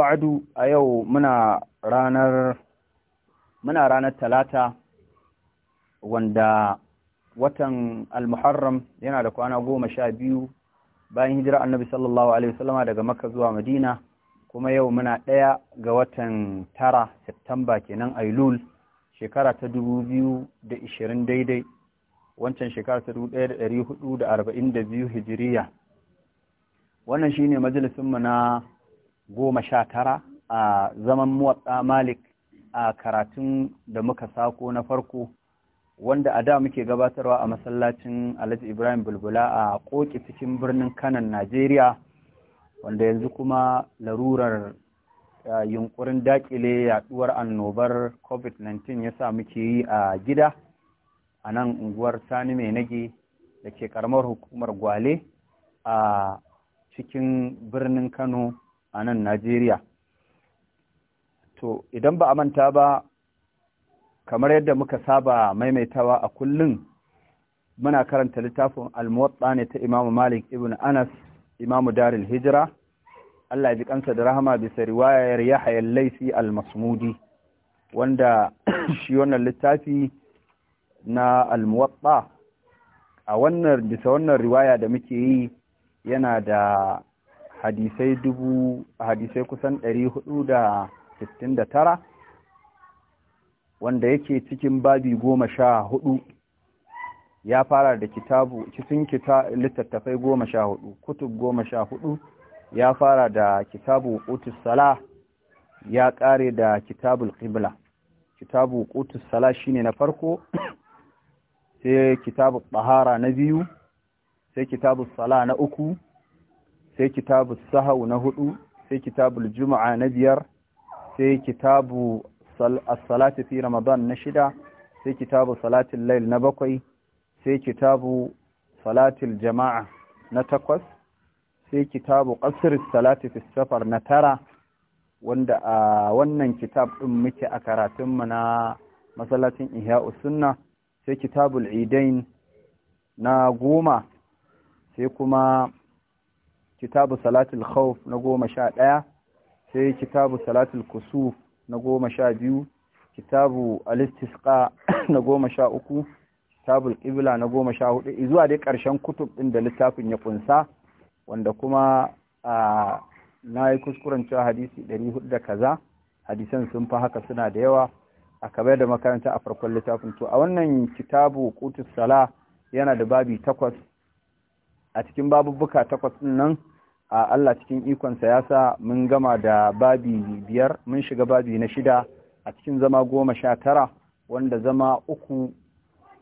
ba'du a yau muna ranar muna ranar talata wanda watan al-muharram yana da kwana goma sha biyu bayan hijira annabi sallallahu alaihi wasallama daga makka zuwa madina kuma yau muna ɗaya ga watan tara September kenan ailul shekara ta dubu biyu da ishirin daidai wancan shekara ta dubu ɗaya da ɗari hudu da arba'in da biyu hijiriya wannan shine majalisinmu na goma sha tara a zaman muwatsa malik a karatun da muka sako na farko wanda a da muke gabatarwa a masallacin alhaji ibrahim bulbula a ƙoƙi cikin birnin kanan najeriya wanda yanzu kuma larurar yunkurin dakile yaɗuwar annobar covid-19 ya sa muke yi a gida a nan unguwar sani mai nage da ke karamar hukumar gwale a cikin birnin kano a nan Najeriya. To, idan ba a manta ba, kamar yadda muka saba maimaitawa a kullum, muna karanta littafin almuwatsa ne ta Imamu Malik ibn Anas, Imamu Daril hijra Allah ji kansa da rahama bisa riwayar Yahya Laifi al wanda shi wannan littafi na almuwatsa a wannan bisa wannan riwaya da muke yi yana da hadisai dubu hadisai kusan tara wanda yake cikin babi goma sha hudu ya fara da kitabu cikin kita littattafai goma sha hudu kutub goma sha hudu ya fara da kitabu utus sala ya kare da kitabul qibla kitabu utus sala shine na farko sai kitabu ɓahara na biyu sai kitabu sala na uku sai kitabu sahau na hudu sai kitabu juma'a na biyar sai kitabu salati fi ramadan na shida sai kitabu salatin lail na bakwai sai kitabu salatil jama'a na takwas sai kitabu qasr salati fi safar na tara wanda a wannan kitab din muke a karatun mu na masallacin ihya'us sunna sai kitabul idain na goma sai kuma kitabu salatul khawf na goma sha ɗaya sai kitabu salatul kusuf na goma sha biyu kitabu alistisqa na goma sha uku kitabu ƙibla na goma sha hudu zuwa dai ƙarshen kutub ɗin da littafin ya kunsa wanda kuma a na yi kuskuren cewa hadisi ɗari hudu da kaza hadisan sun fi haka suna da yawa a kabar da makaranta a farkon littafin to a wannan kitabu kutus sala yana da babi takwas a cikin babubbuka takwas ɗin nan a Allah cikin ikonsa ya sa mun gama da babi biyar mun shiga babi na shida a cikin zama goma sha tara wanda zama uku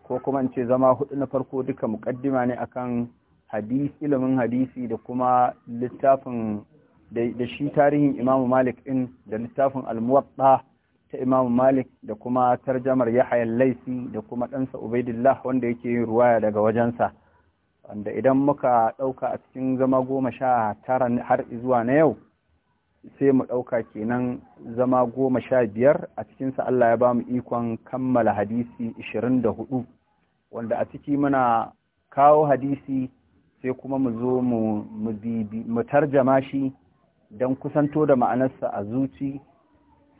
ko kuma ce zama hudu na farko duka mukaddima ne akan hadisi ilimin hadisi da kuma littafin da shi tarihin imamu malik din da littafin almuwatta ta imamu malik da kuma tarjamar yahayan laifi da kuma ɗansa ubaidillah wanda yake yin ruwaya daga wajensa wanda idan muka ɗauka a cikin zama goma sha tara har zuwa na yau sai mu ɗauka kenan zama goma sha biyar a cikinsa Allah ya ba mu ikon kammala hadisi ishirin da hudu wanda a ciki muna kawo hadisi sai kuma mu zo mu tarjama shi don kusanto da ma'anarsa a zuci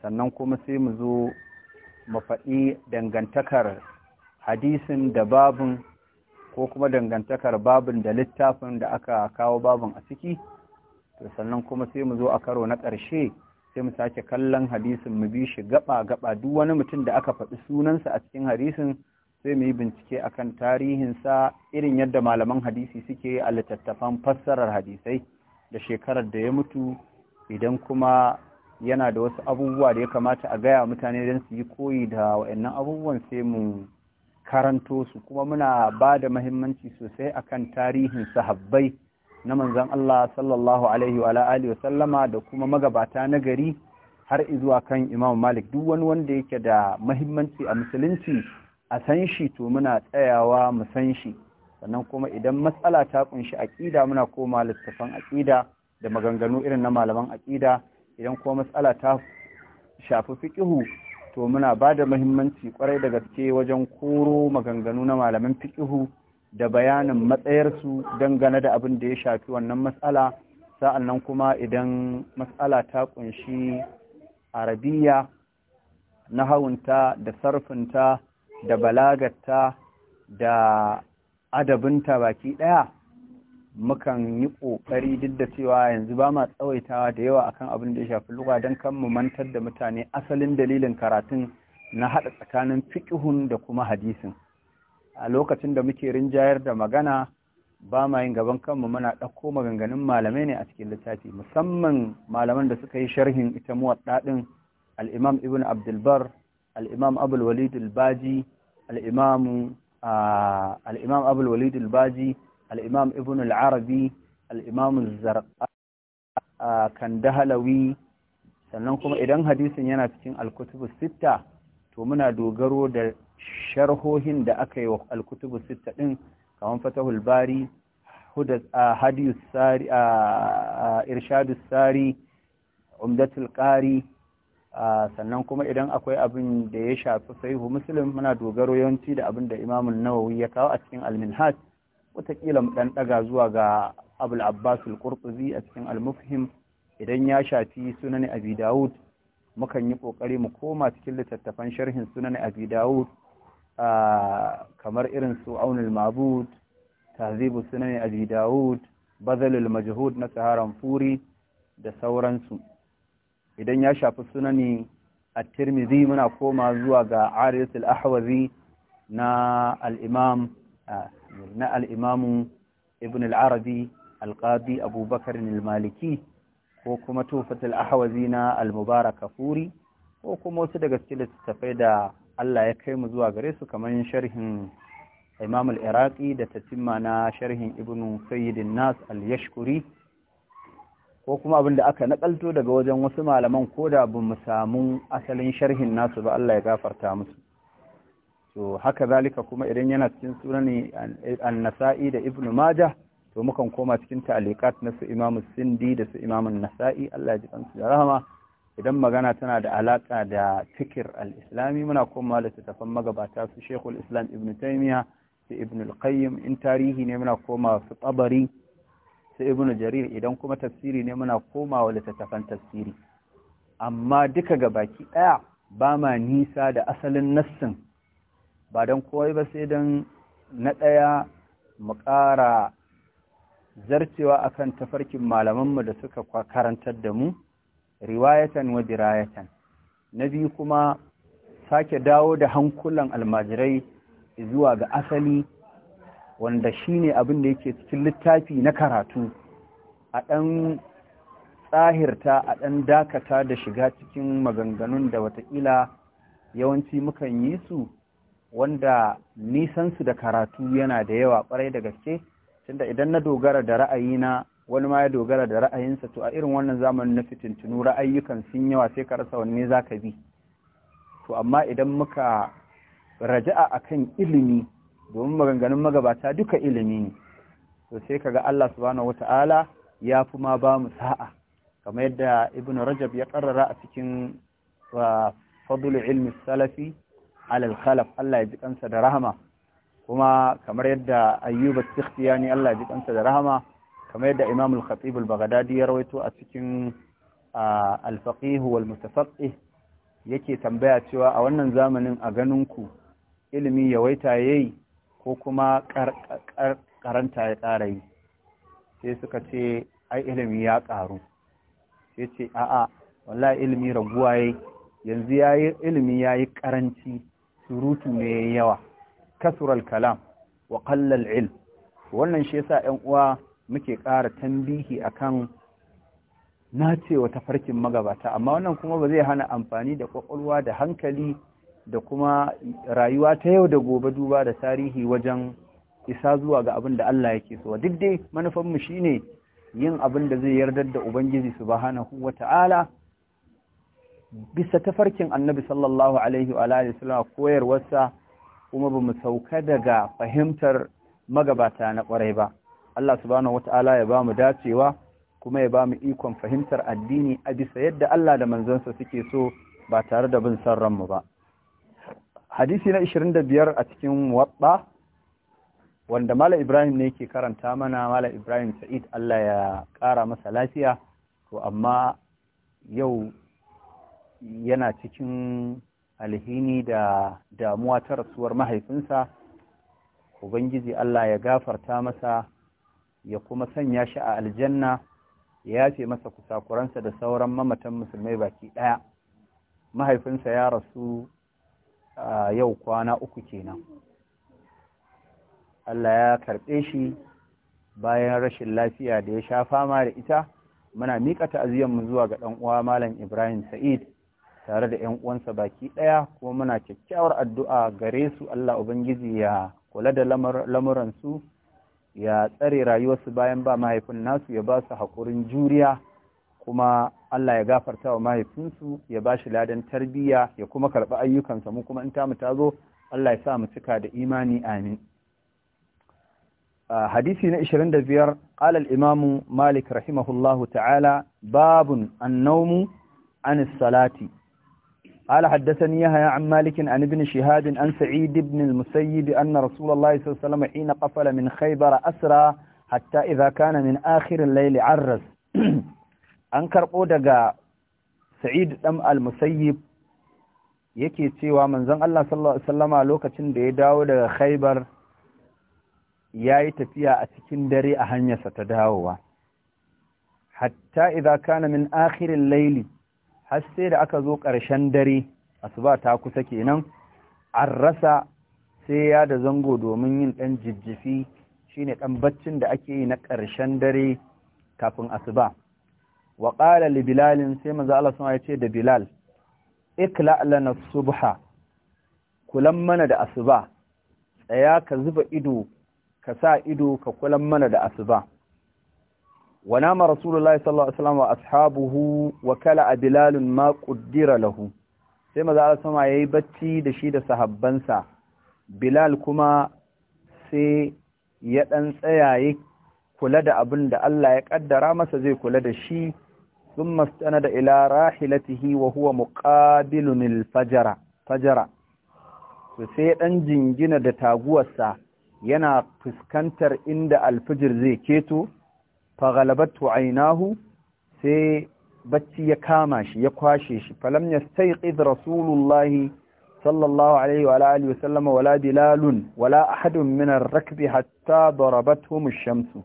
sannan kuma sai mu zo mu faɗi dangantakar hadisin da babin ko kuma dangantakar babin da littafin da aka kawo babin a ciki to sannan kuma sai mu zo a karo na ƙarshe sai mu sake kallon hadisin mu bi shi gaba gaba duk wani mutum da aka faɗi sunansa a cikin hadisin sai mu yi bincike akan tarihinsa irin yadda malaman hadisi suke a littattafan fassarar hadisai da shekarar da ya mutu idan kuma yana da wasu abubuwa da ya kamata a gaya mutane don su yi koyi da waɗannan abubuwan sai mu karanto su kuma muna ba da mahimmanci sosai akan tarihin sahabbai na manzon Allah sallallahu alaihi wa alihi sallama da kuma magabata na gari har zuwa kan Imam Malik duk wani wanda yake da mahimmanci a musulunci a san shi to muna tsayawa mu san shi sannan kuma idan matsala ta kunshi aƙida, muna koma littafan aƙida da maganganu irin na malaman aƙida idan kuma matsala ta shafi fiqhu to muna ba da muhimmanci kwarai da gaske wajen koro maganganu na malaman fiƙihu da bayanin matsayarsu dangane da abin da ya shafi wannan matsala sa'annan kuma idan matsala ta ƙunshi arabiya na hawunta da sarfinta da balagarta da adabinta baki ɗaya mukan yi ƙoƙari duk da cewa yanzu ba ma tsawaitawa da yawa akan abin da ya shafi lugha don kan mu mantar da mutane asalin dalilin karatun na haɗa tsakanin fiƙihun da kuma hadisin a lokacin da muke rinjayar da magana ba ma yin gaban kanmu muna ɗauko maganganun malamai ne a cikin littafi musamman malaman da suka yi sharhin ita muwadda ɗin al'imam ibn abdulbar al'imam abulwalid albaji al'imam ah, baji al'imam ibn al'arabi al'imam zarqa kan dahalawi sannan kuma idan hadisin yana cikin alkutubu sitta to muna dogaro da sharhohin da aka yi wa alkutubu sitta ɗin kamar fatahul bari irshadus sari umdatul ƙari sannan kuma idan akwai abin da ya shafi sahihu muslim muna dogaro yawanci da abin da imamun nawawi ya kawo a cikin alminhaj watakila mu dan daga zuwa ga abul abbas al-qurtubi a cikin al-mufhim idan ya shafi sunan abi daud mukan yi kokari mu koma cikin littattafan sharhin sunan abi daud kamar irin su aunul mabud tahzibu sunan abi daud bazalul majhud na saharan furi da sauransu idan ya shafi sunani at-tirmidhi muna koma zuwa ga al ahwazi na al-imam na al'imamu ibn al'arabi alƙadi abubakar maliki ko kuma tufatul ahawazi na al-mubarak kafuri ko kuma wasu daga cikin littattafai da Allah ya kai mu zuwa gare su kamar sharhin Imam al-Iraqi da tatimma na sharhin Ibn Sayyidin Nas al-Yashkuri ko kuma abin da aka nakalto daga wajen wasu malaman ko da bu mu samu asalin sharhin nasu ba Allah ya gafarta musu to haka zalika kuma idan yana cikin sunani an-nasa'i da ibn Maja, to mukan koma cikin ta'alikat na su imam sindi da su imam nasai Allah ya ji kansu da rahama idan magana tana da alaka da fikir al-islami muna koma da tafan magabata su shekul islam ibn taymiya su ibn al-qayyim in tarihi ne muna koma su tabari su ibn jarir idan kuma tafsiri ne muna komawa littattafan tafsiri amma duka ga baki daya ba ma nisa da asalin nassin ba don kowai ba sai don na ɗaya mu ƙara zarcewa a kan tafarkin malamanmu da suka karantar da mu riwayatan wa birayatan. na biyu kuma sake dawo da hankulan almajirai zuwa ga asali wanda shine abin da yake cikin littafi na karatu a ɗan tsahirta a ɗan dakata da shiga cikin maganganun da watakila yawanci mukan yi su wanda nisansu da karatu yana da yawa kwarai da gaske tunda idan na dogara da ra'ayina wani ma ya dogara da ra'ayinsa to a irin wannan zamanin na fitintunu ra'ayyukan sun yawa sai ka rasa wanne za ka bi to amma idan muka raja'a a kan ilimi domin maganganun magabata duka ilimi ne to sai ga Allah subhanahu ta'ala ya fi ma ba mu sa'a kamar yadda ibn rajab ya karrara a cikin fadlul ilmi salafi alal khalaf Allah ya ji kansa da rahama kuma kamar yadda ayyuba sikhtiyani Allah ya ji kansa da rahama kamar yadda imam al-khatib al-baghdadi ya rawaito a cikin al-faqih wal mutafaqih yake tambaya cewa a wannan zamanin a ganin ku ilimi yawaita yayi ko kuma karanta ya ƙara yi sai suka ce ai ilimi ya ƙaru sai ce a'a wallahi ilimi raguwa yayi yanzu yayi ilimi yayi karanci surutu mai yawa kasural kalam wa qalla ilm wannan shi yasa 'yan uwa muke ƙara tambihi akan Na nacewa ta farkin magabata amma wannan kuma ba zai hana amfani da kwakwalwa da hankali da kuma rayuwa ta yau da gobe duba da tarihi wajen isa zuwa ga abin da Allah yake so duk dai manufanmu shine yin abin da zai yardar da Ubangiji subhanahu wata'ala bisa tafarkin annabi sallallahu alaihi wa alihi koyarwarsa kuma ba mu sauka daga fahimtar magabata na ƙwarai ba Allah subhanahu wataala ya ba mu dacewa kuma ya ba mu ikon fahimtar addini a bisa yadda Allah da manzonsa suke so ba tare da bin san ranmu ba hadisi na 25 a cikin wadda wanda Malam Ibrahim ne yake karanta mana Malam Ibrahim Sa'id Allah ya ƙara masa lafiya to amma yau yana cikin alhini da damuwa ta rasuwar mahaifinsa ubangiji Allah ya gafarta masa ya kuma sanya shi a aljanna ya yafe masa kusakuransa da sauran mamatan musulmai baki ɗaya mahaifinsa ya rasu a yau kwana uku kenan Allah ya karɓe shi bayan rashin lafiya da ya sha fama da ita muna miƙa mu zuwa ga ɗan uwa malam Ibrahim Sa'id tare da ‘yan uwansa baki ɗaya kuma muna kyakkyawar addu'a gare su Allah Ubangiji ya kula da lamuransu ya tsare rayuwarsu bayan ba mahaifin nasu ya ba su haƙurin juriya kuma Allah ya gafarta wa mahaifinsu ya ba shi ladan tarbiyya ya kuma karɓi ayyukansa mu kuma in tamu ta zo Allah ya sa mu cika da imani amin ah, hadisi na 25 قال al-imamu malik rahimahullahu ta'ala babun النوم عن an salati قال حدثني يحيى عن مالك عن ابن شهاب عن سعيد بن المسيب أن رسول الله صلى الله عليه وسلم حين قفل من خيبر أسرى حتى إذا كان من آخر الليل عرس أنكر قودق سعيد دم المسيب yake cewa manzon Allah sallallahu alaihi lokacin da ya dawo daga Khaibar yayi tafiya a cikin dare a hanyarsa ta dawowa hatta idza kana min akhir al-layli har sai da aka zo ƙarshen dare asuba ta kusa kenan an rasa sai ya da zango domin yin ɗan jijjifi shine ɗan baccin da ake yi na ƙarshen dare kafin asuba wa ƙala li bilalin sai maza Allah sun ce da bilal ikla lana subha kulan mana da asuba tsaya ka zuba ido ka sa ido ka kulan mana da asuba ونام رسول الله صلى الله عليه وسلم وأصحابه وكلأ بلال ما قدر له سيما ذا الله سمع يبتي دشيد صحبانسا بلال كما سي يتنسيا kula da abin da Allah ya kaddara masa zai kula da shi sun mastana da ila rahilatihi wa huwa muqabilun fajara fajara to sai dan jingina da taguwarsa yana fuskantar inda alfijir zai keto faghalabatu ainahu sai bacci ya kama shi ya kwashe shi falam yastayqiz rasulullahi sallallahu alaihi wa alihi wa sallam wala bilalun wala ahadun min ar-rakbi hatta darabatuhum ash-shamsu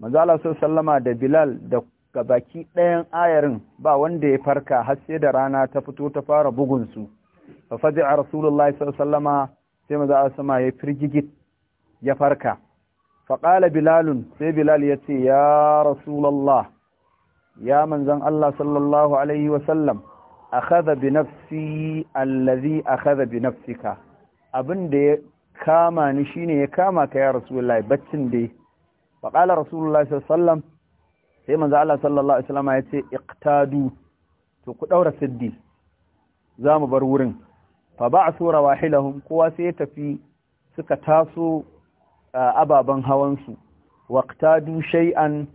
manzo Allah sallama da bilal da gabaki ɗayan ayarin ba wanda ya farka har sai da rana ta fito ta fara bugun su fa fadi'a rasulullahi sallallahu alaihi wa sai manzo Allah ya firgigit ya farka faƙala bilalun sai bilal ya ce ya rasulallah ya manzan Allah sallallahu alaihi wasallam a haza bi nafsi allazi a haza bi nafsika abinda ya kama ni shine ya kama ka ya rasulallah baccin dai faƙala rasulallah sallallahu sai manzan Allah sallallahu alaihi wasallam ya ce iqtadu to ku ɗaura siddi za mu bar wurin fa ba a sura wahilahum kowa sai ya tafi suka taso ababen hawansu waqtadu shay'an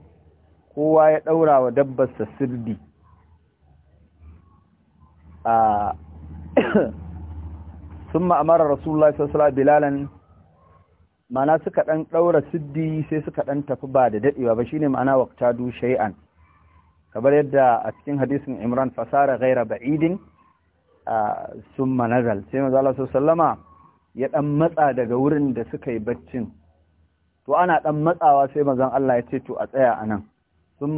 kowa ya daura wa dabbar sa sirdi a thumma amara rasulullahi sallallahu alaihi bilalan mana suka dan daura siddi sai suka dan tafi ba da dadewa ba shine ma'ana waqtadu shay'an kamar yadda a cikin hadisin Imran fasara ghaira ba'idin thumma nazal sai manzo ya ɗan matsa daga wurin da suka yi baccin to ana ɗan matsawa sai mazan Allah ya ce to a tsaya a nan sun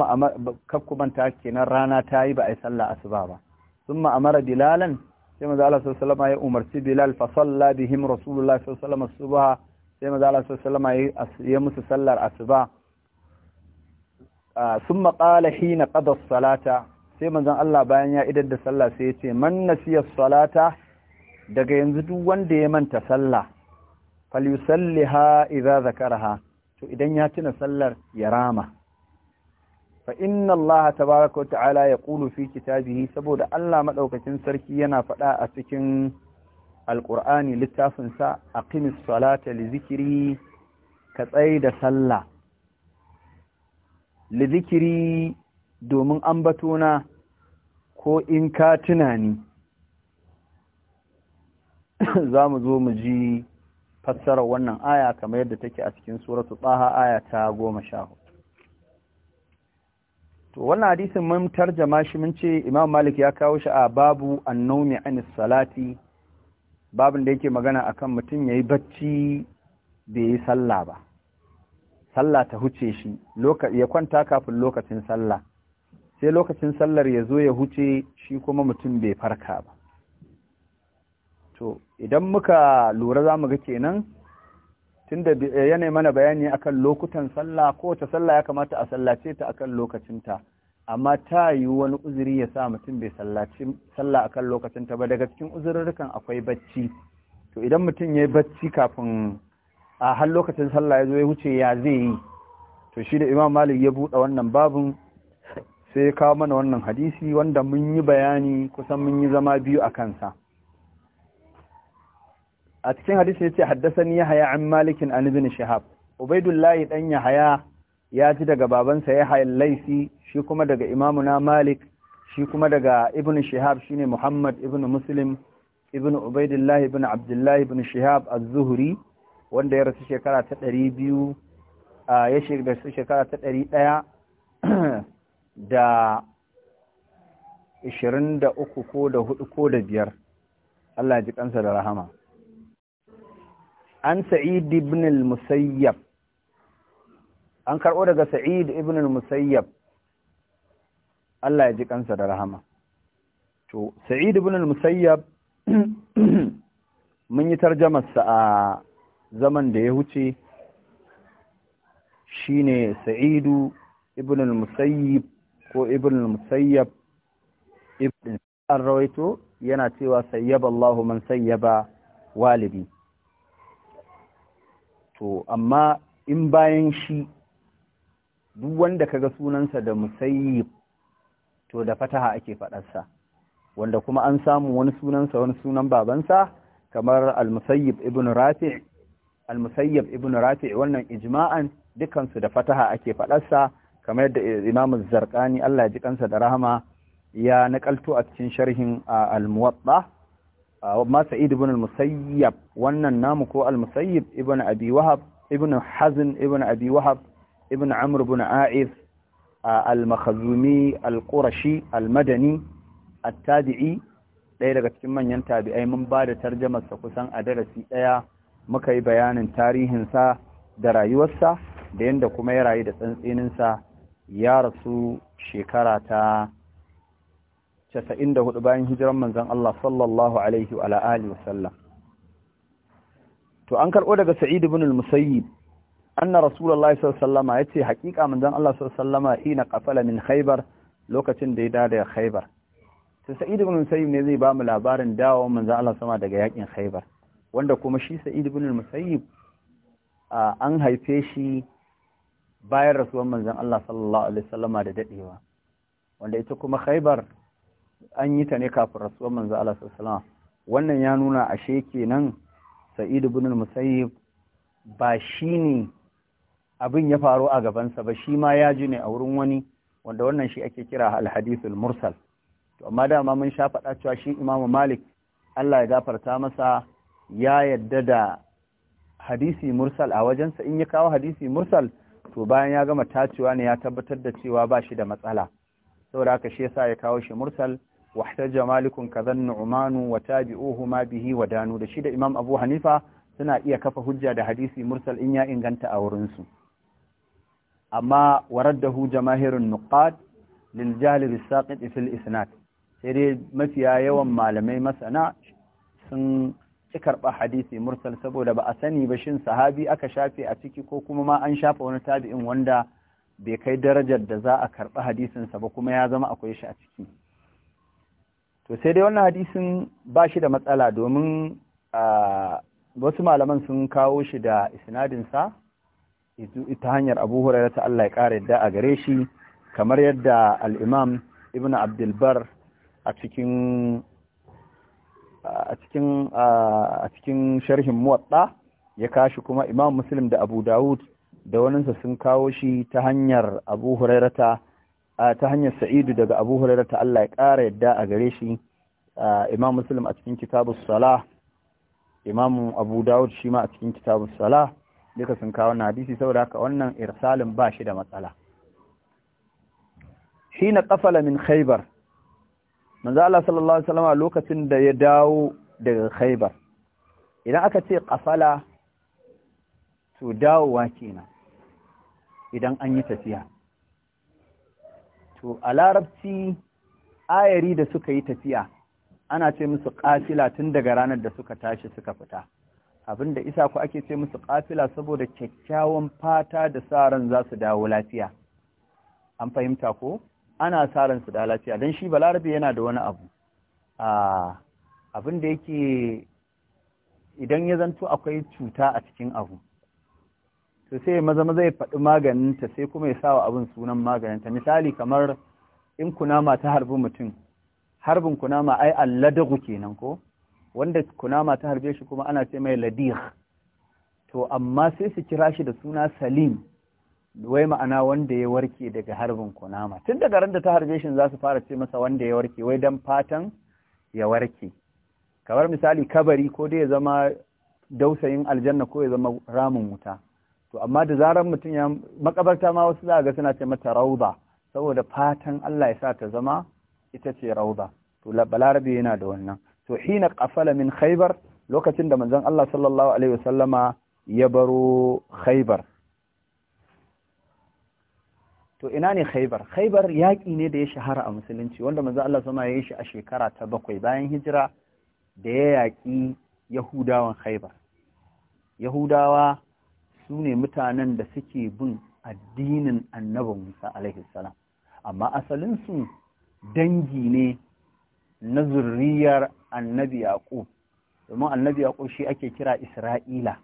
kakkumanta kenan rana ta yi ba a yi sallah asuba ba sun ma'amara bilalan sai maza Allah sallama ya umarci bilal fa salla bihim rasulullah sallama subha sai maza Allah sallama ya musu sallar asuba sun ah, maƙala hina ƙadar salata sai manzan Allah bayan ya idar da sallah sai ya ce man nasiyar salata daga yanzu duk wanda ya manta sallah falyusalliha idza zakaraha to idan ya tuna sallar ya rama fa inna Allah tabaaraka wa ta'ala yaqulu fi kitabihi saboda Allah madaukakin sarki yana faɗa a cikin alqur'ani littafin sa aqimis salata li zikri ka tsai da sallah li zikri domin ambatona ko in ka tunani za mu zo mu ji fassarar wannan aya kamar yadda take a cikin suratul tsaha aya ta goma sha to wannan hadisin mun tarjama shi mun ce imam malik ya kawo shi a babu annomi anis salati babin da yake magana akan mutum yayi bacci bai yi sallah ba sallah ta huce shi ya kwanta kafin lokacin sallah sai lokacin sallar ya zo ya huce shi kuma mutum bai farka ba to idan muka lura za mu ga kenan tunda eh, yana mana bayani akan lokutan sallah kowace sallah ya kamata a sallace ta akan lokacinta amma ta yi wani uzuri ya sa mutum bai sallaci sallah akan lokacinta ba daga cikin uzurrukan akwai bacci to idan mutum ya yi bacci kafin a har lokacin sallah ya zo ya wuce ya zai yi to shi da imam malik ya buɗe wannan babun sai ya kawo mana wannan hadisi wanda mun yi bayani kusan mun yi zama biyu a kansa a cikin hadisi yace ya haya an malikin an ibn shahab ubaidullah dan yahaya ya ji daga babansa ya haya laisi shi kuma daga imamuna malik shi kuma daga ibn shahab shine muhammad ibn muslim ibn ubaidullah ibn abdullah ibn shahab az-zuhri wanda ya rasu shekara ta 200 ya shiga shekara ta 100 da 23 ko da 4 ko da 5 Allah ya ji kansa da rahama an sa'id ibn al-musayyab an karɓo daga sa'id ibn al-musayyab Allah ya ji kansa da rahama to sa'id ibn al-musayyab mun yi tarjamarsa a zaman da ya huce shine sa'idu ibn al musayyab ko ibn al-musayyab ibn al rawaito yana cewa sayyaba Allahu man sayyaba walidi to amma in bayan shi duk wanda kaga sunansa da musayyib to da fataha ake faɗarsa wanda kuma an samu wani sunansa wani sunan babansa kamar al-musayyib ibn rafi' al-musayyib ibn rafi' wannan ijma'an dukansu da fataha ake faɗarsa kamar yadda imamu zarqani Allah ya ji kansa da rahama ya nakalto a cikin sharhin al-muwatta ma sa'id ibn al-musayyab wannan namu ko al-musayyib ibn abi wahab ibn hazn ibn abi wahab ibn amr ibn a'id al-makhzumi al-qurashi al-madani at-tabi'i ɗaya daga cikin manyan tabi'ai mun ba da tarjamarsa kusan a darasi ɗaya muka yi bayanin tarihinsa da rayuwarsa da yadda kuma ya rayu da tsantsininsa ya rasu shekara ta 94 bayan hijiran manzon Allah sallallahu alaihi wa alihi wasallam to an karbo daga Sa'id ibn al-Musayyib anna Rasulullahi sallallahu alaihi wasallam yace haƙiƙa manzon Allah sallallahu alaihi wasallam hina qafala min Khaybar lokacin da ya dawo daga Khaybar to Sa'id ibn al-Musayyib ne zai ba mu labarin dawo manzon Allah sama daga yakin Khaybar wanda kuma shi Sa'id ibn al-Musayyib an haife shi bayan rasuwan manzon Allah sallallahu alaihi wasallama da dadewa wanda ita kuma Khaybar an yi ta ne kafin rasuwar manzo Allah sallallahu wannan ya nuna ashe kenan Sa'id ibn al-Musayyib ba shine abin ya faru a gabansa ba shi ma ya ji ne a wurin wani wanda wannan shi ake kira al-hadithul mursal to amma dama mun sha faɗa cewa shi Imam Malik Allah ya gafarta masa ya yadda da hadisi mursal a wajensa in ya kawo hadisi mursal to bayan ya gama tacewa ne ya tabbatar da cewa ba shi da matsala saboda haka shi yasa ya kawo shi mursal wahtaja malikun kazan nu'manu wa tabi'uhuma bihi wa danu da shi da imam abu hanifa suna iya kafa hujja da hadisi mursal in ya inganta a wurin su amma waraddahu jamahirun nuqad lil jali bisaqit fil isnad sai dai mafiya yawan malamai masana sun ci karba hadisi mursal saboda ba a sani ba shin sahabi aka shafe a ciki ko kuma ma an shafa wani tabi'in wanda bai kai darajar da za a karɓi hadisinsa ba kuma ya zama akwai shi a ciki to sai dai wannan hadisin ba shi da matsala domin wasu malaman sun kawo shi da isnadinsa ta hanyar abu hurai ta Allah ya ƙara yadda a gare shi kamar yadda al'imam ibn abdulbar a cikin sharhin muwatta ya kashi kuma imam muslim da abu dawud da waninsa sun kawo shi ta hanyar abu hurairata ta hanyar sa'idu daga abu hurairar ta Allah ya ƙara yadda a gare shi imam muslim a cikin kitabu sala imam abu dawud shi ma a cikin kitabu sala duka sun kawo na hadisi saboda haka wannan irsalin ba shi da matsala Shi na ƙafala min khaibar manzo Allah sallallahu alaihi wasallam lokacin da ya dawo daga khaibar idan aka ce ƙafala, to dawowa kenan idan an yi tafiya to a larabci ayari da suka yi tafiya ana ce musu ƙafila tun daga ranar da suka tashi suka fita abinda isa ku ake ce musu ƙafila saboda kyakkyawan fata da sa ran za su dawo lafiya an fahimta ko ana sa ran su dawo lafiya don shi balarabe yana da wani abu abinda yake idan ya zanto akwai cuta a cikin abu to sai maza maza ya faɗi maganinta sai kuma ya sawa abin sunan maganinta misali kamar in kunama ta harbi mutum harbin kunama ai alladagu kenan ko wanda kunama ta harbe shi kuma ana ce mai ladih to amma sai su kira shi da suna salim wai ma'ana wanda ya warke daga harbin kunama tun daga ran da ta harbe shi za su fara ce masa wanda ya warke wai dan fatan ya warke kamar misali kabari ko dai ya zama dausayin aljanna ko ya zama ramin wuta to amma da zarar mutum ya makabarta ma wasu za ga suna ce mata rauba saboda fatan Allah ya sa ta zama ita ce rauba to yana da wannan to hina qafala min khaybar lokacin da manzon Allah sallallahu alaihi wasallama ya baro khaybar to ina ne khaybar khaybar yaƙi ne da ya shahara a musulunci wanda manzon Allah sama ya yi shi a shekara ta bakwai bayan hijira da ya yaƙi yahudawan khaybar yahudawa su ne mutanen da suke bin addinin annabin Musa alaihi salam amma asalinsu dangi ne na zurriyar annabi Yaqub domin annabi Yaqub shi ake kira Isra'ila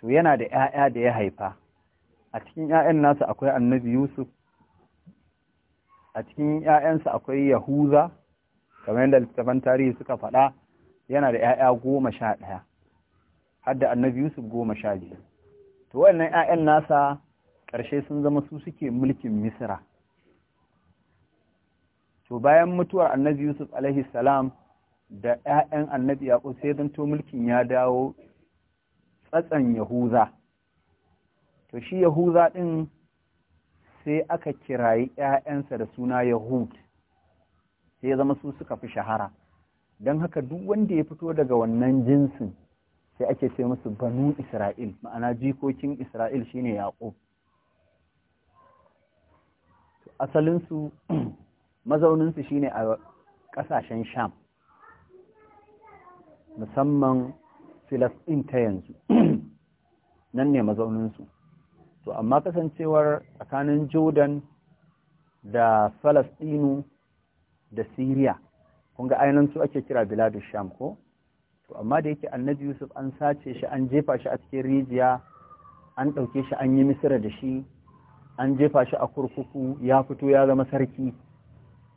to yana da ‘ya'ya da ya haifa a cikin ‘ya'yan nasa akwai annabi Yusuf a cikin 'ya'yansu akwai Yahuza kamar yadda littattafan tarihi suka faɗa yana da ‘ya'ya goma sha ɗaya har da annabi Yusuf goma sha biyu to wannan 'ya'yan nasa ƙarshe sun zama su suke mulkin Misira. to bayan mutuwar annabi Yusuf alaihi salam da 'ya'yan annabi Yaƙo, sai to mulkin ya dawo tsatsan Yahuza to shi Yahuza ɗin, sai aka kirayi 'ya'yansa da suna Yahud sai zama su suka fi shahara don haka duk wanda ya fito daga wannan jinsin sai ake ce musu banu isra'il ma'ana jikokin isra'il shine yaƙub asalinsu mazauninsu shine a ƙasashen sham musamman filistin ta yanzu nan ne mazauninsu to amma kasancewar tsakanin jordan da falastinu da siriya kun ainihin su ake kira Biladu sham ko to amma da yake annabi yusuf an sace shi an jefa shi a cikin rijiya an ɗauke shi an yi misira da shi an jefa shi a kurkuku ya fito ya zama sarki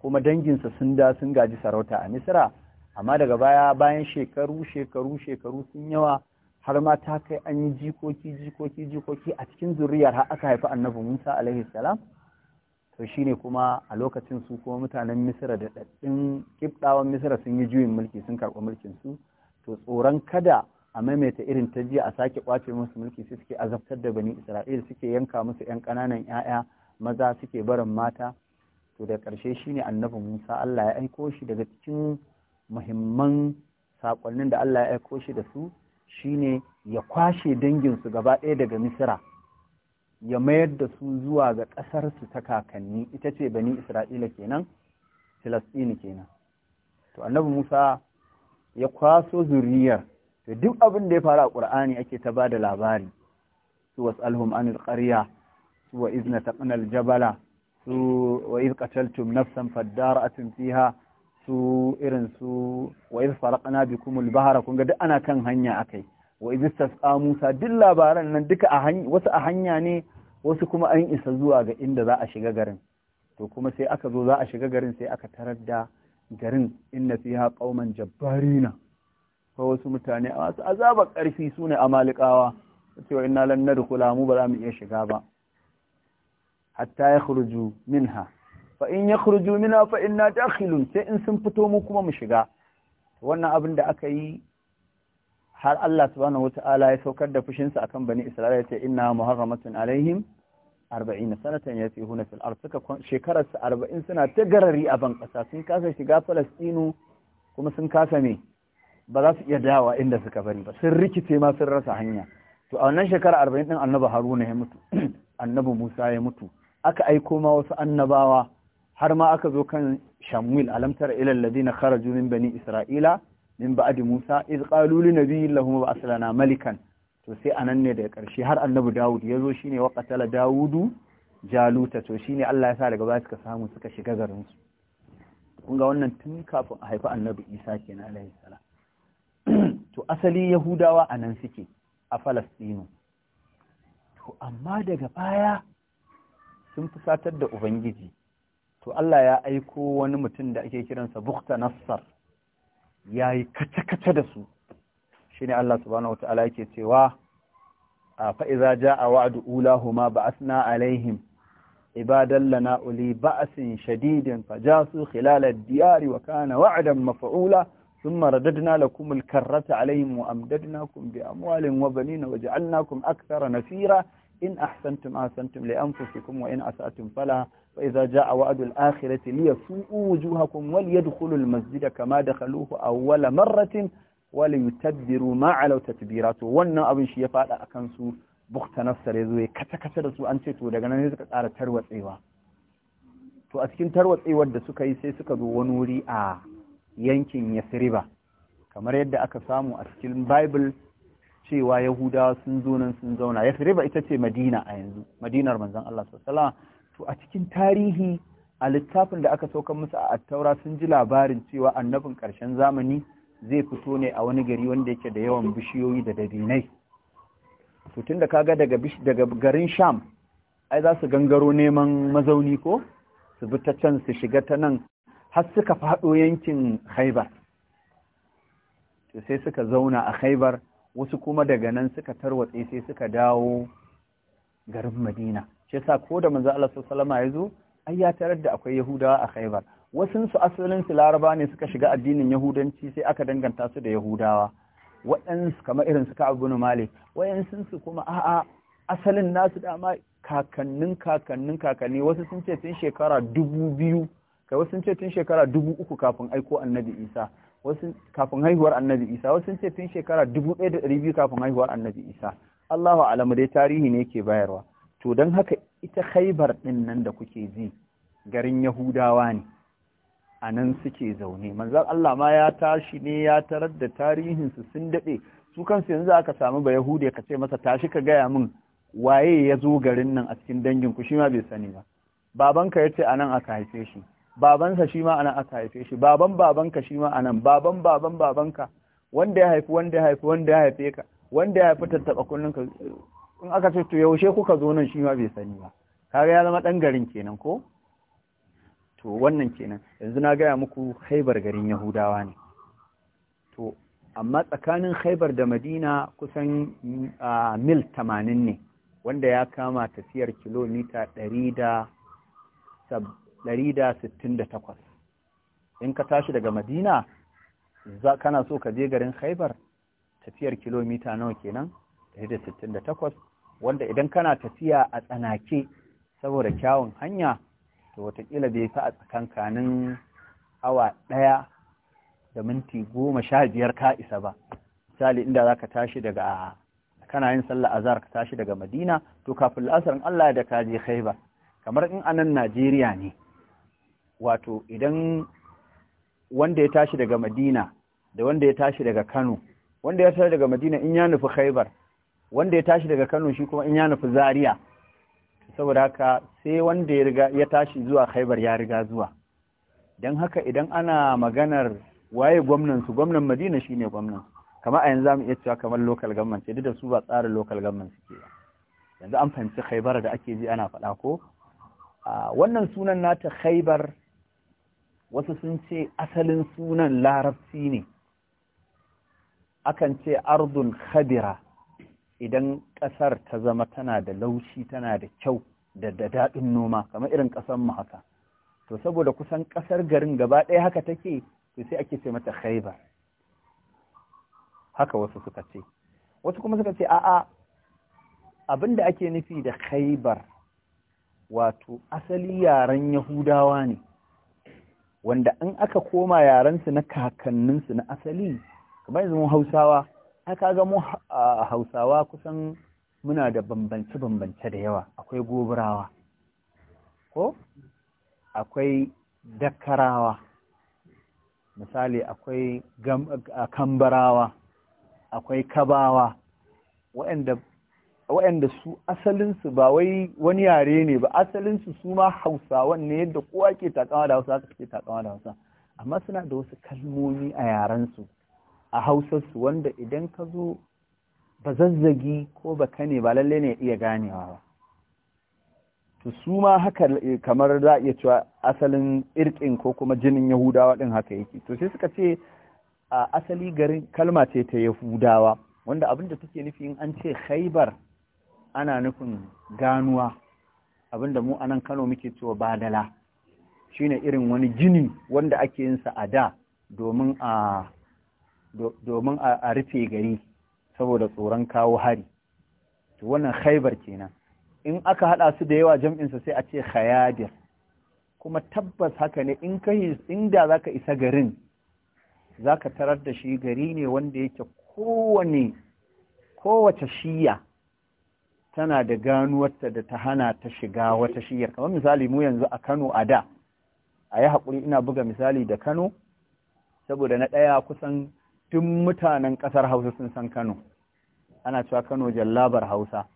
kuma danginsa sun da sun gaji sarauta a misira amma daga baya bayan shekaru shekaru shekaru sun yawa har ma ta kai an yi jikoki jikoki jikoki a cikin zuriyar har aka haifi annabi musa alaihi salam to shine kuma a lokacin su kuma mutanen misira da daddin kibdawan misira sun yi juyin mulki sun karɓi mulkin su to tsoron kada a maimaita irin ta jiya a sake kwace musu mulki su suke azabtar da bani isra'il suke yanka musu yan ƙananan 'ya'ya maza suke barin mata to da ƙarshe shine annabi musa allah ya aiko shi daga cikin muhimman saƙonnin da allah ya aiko shi da su shine ya kwashe danginsu gaba ɗaya daga misira ya mayar da su zuwa ga ƙasarsu ta kakanni ita ce bani isra'ila kenan filastini kenan to annabi musa ya kwaso zuriyar da duk abin da ya faru a ƙur'ani ake ta ba da labari su alhum anil ƙarya su wa ta ƙanar jabala su wa iz qataltum nafsan fadara'atun fiha su irin su wa iz faraqna bikum al-bahra kun ga duk ana kan hanya akai wa iz tasqa Musa duk labaran nan duka wasu a hanya ne wasu kuma an isa zuwa ga inda za a shiga garin to kuma sai aka zo za a shiga garin sai aka tarar da garin inna fiha qauman jabbarina fa wasu mutane a wasu azaba ƙarfi sune amalikawa cewa inna lan nadkhula mu ba za mu iya shiga ba hatta yakhruju minha fa in yakhruju minha fa inna dakhilun sai in sun fito mu kuma mu shiga wannan abin da aka yi har Allah subhanahu wata'ala ya saukar da fushinsa akan bani Isra'ila ya ce inna muharramatun alaihim arba'ina sanatan ya fi huna fil suka shekararsa arba'in suna ta garari a ban ƙasa sun kasa shiga falastinu kuma sun kasa me ba za su iya dawa inda suka bari ba sun rikice ma sun rasa hanya to a wannan shekara arba'in ɗin annabi haruna ya mutu annabi musa ya mutu aka aiko ma wasu annabawa har ma aka zo kan shamuil lamtar ilal na kharaju min bani isra'ila min ba'di musa iz qalu li nabiyyin lahum ba'aslana malikan to sai anan ne daga ƙarshe har annabi Dawud ya zo shine wa qatala Dawudu Jaluta to shine Allah ya sa daga baya suka samu suka shiga garin su kun ga wannan tun kafin a haifi annabi Isa kenan alaihi salam to asali Yahudawa a nan suke a Falastinu to amma daga baya sun fusatar da Ubangiji to Allah ya aiko wani mutum da ake kiransa Bukta Nassar ya yi kace-kace da su shine Allah subhanahu wataala yake cewa fa iza jaa wa'du ulahuma ba'athna alaihim ibadan lana uli ba'sin shadidin fajasu khilal ad-diyar wa kana wa'dan maf'ula thumma radadna lakum al-karrata alaihim wa amdadnakum bi amwalin wa banina wa ja'alnakum akthara nasira in ahsantum ahsantum li anfusikum wa in asa'tum falaha فإذا جاء وعد الآخرة ليسوءوا وجوهكم وليدخلوا المسجد كما دخلوه أول مرة wala yutabbiru ma ala tatbira wannan abin shi ya fada akan su bukta nafsar ya zo ya kata kata da su an ce to daga nan suka tsara tarwatsewa to a cikin tarwatsewar da suka yi sai suka zo wani wuri a yankin yasriba kamar yadda aka samu a cikin bible cewa yahudawa sun zo nan sun zauna yasriba ita ce madina a yanzu madinar manzon Allah sallallahu to a cikin tarihi a littafin da aka saukar musu a attaura sun ji labarin cewa annabin ƙarshen zamani zai fito ne a wani gari wanda yake da yawan bishiyoyi da dadinai to da kaga daga daga garin sham ai za su gangaro neman mazauni ko su bi ta can su shiga ta nan har suka faɗo yankin haibar sai suka zauna a haibar wasu kuma daga nan suka tarwatse sai suka dawo garin madina shi yasa ko da manzo Allah sallallahu alaihi wasallam ya zo ai ya tarar da akwai yahudawa a haibar asalin asalinsu laraba ne suka shiga addinin yahudanci sai aka danganta su da yahudawa waɗansu kamar irin su ka'ab bin malik waɗansu kuma a'a asalin nasu dama kakannin kakannin kakanni wasu sun ce tun shekara dubu biyu kai wasu sun ce tun shekara dubu uku kafin aiko annabi isa wasu kafin haihuwar annabi isa wasu sun ce tun shekara dubu ɗaya da ɗari biyu kafin haihuwar annabi isa allahu alamu dai tarihi ne ke bayarwa to don haka ita khaibar ɗin nan da kuke ji garin yahudawa ne a nan suke zaune manzan Allah ma ya tashi ne ya tarar da tarihinsu sun daɗe su kansu yanzu aka samu ba yahudi ka ce masa tashi ka gaya min waye ya zo garin nan a cikin dangin ku shi ma bai sani ba babanka ya ce a nan aka haife shi babansa shi ma a nan aka haife shi baban babanka shi ma a nan baban baban babanka wanda ya haifi wanda ya haifi wanda ya haife ka wanda ya haifi tattaɓa kullum ka in aka ce to yaushe kuka zo nan shi ma bai sani ba kaga ya zama ɗan garin kenan ko to wannan kenan yanzu na gaya muku haibar garin yahudawa ne to amma tsakanin haibar da madina kusan mil tamanin ne wanda ya kama tafiyar kilomita ɗari da sittin da takwas in ka tashi daga madina za kana so ka je garin haibar tafiyar kilomita nawa kenan ɗari da sittin da takwas wanda idan kana tafiya a tsanake saboda kyawun hanya to watakila bai fi a tsakankanin awa ɗaya da minti goma sha biyar ka isa ba misali inda za tashi daga kana yin sallah azhar ka tashi daga madina to kafin la'asar allah da ka je kamar in a nan najeriya ne wato idan wanda ya tashi daga madina da wanda ya tashi daga kano wanda ya tashi daga madina in ya nufi khaibar wanda ya tashi daga kano shi kuma in ya nufi zaria saboda haka sai wanda ya riga ya tashi zuwa khaibar ya riga zuwa don haka idan ana maganar waye gwamnansu gwamnan madina shine gwamnan kamar a yanzu zamu iya cewa kamar local government duk da su ba tsarin local government suke yanzu an fahimci khaibar da ake ji ana faɗa ko wannan sunan nata khaibar wasu sun ce asalin sunan larabci ne akan ce ardun khadira idan ƙasar ta zama tana da laushi tana da kyau da daɗin noma kamar irin ƙasar mu haka to saboda kusan ƙasar garin gaba ɗaya haka take to sai ake ce mata khaiba haka wasu suka ce wasu kuma suka ce a'a abinda ake nufi da khaibar wato asali yaren yahudawa ne wanda in aka koma yarensu na kakanninsu na asali kamar yanzu hausawa haka ga mu hausawa kusan muna da bambance-bambance da yawa akwai goburawa ko akwai dakarawa misali akwai kambarawa akwai kabawa waɗanda su asalinsu ba wai wani yare ne ba asalinsu su ma hausawan ne yadda kowa ke takawa da hausa suke takawa da hausa amma suna da wasu kalmomi a yarensu a hausarsu wanda idan ka zo ba zazzagi ko ba kane ba lalle ne iya ganewa ba to su ma haka eh, kamar za a iya cewa asalin irkin ko kuma jinin yahudawa din haka yake to sai suka ce a asali garin kalma ce ta yahudawa wanda abinda take nufi in an ce khaibar ana nufin ganuwa abinda mu anan kano muke cewa badala shine irin wani jini wanda ake yin sa a da domin a domin a rufe gari saboda tsoron kawo hari to wannan khaibar kenan in aka haɗa su da yawa jam'insa sai a ce khayadir kuma tabbas haka ne in kai inda zaka isa garin zaka tarar da shi gari ne wanda yake kowane kowace shiya tana da ganuwarta da ta hana ta shiga wata shiyar kamar misali mu yanzu a Kano a da a yi haƙuri ina buga misali da Kano saboda na ɗaya kusan tun mutanen ƙasar hausa sun san kano ana cewa kano jallabar hausa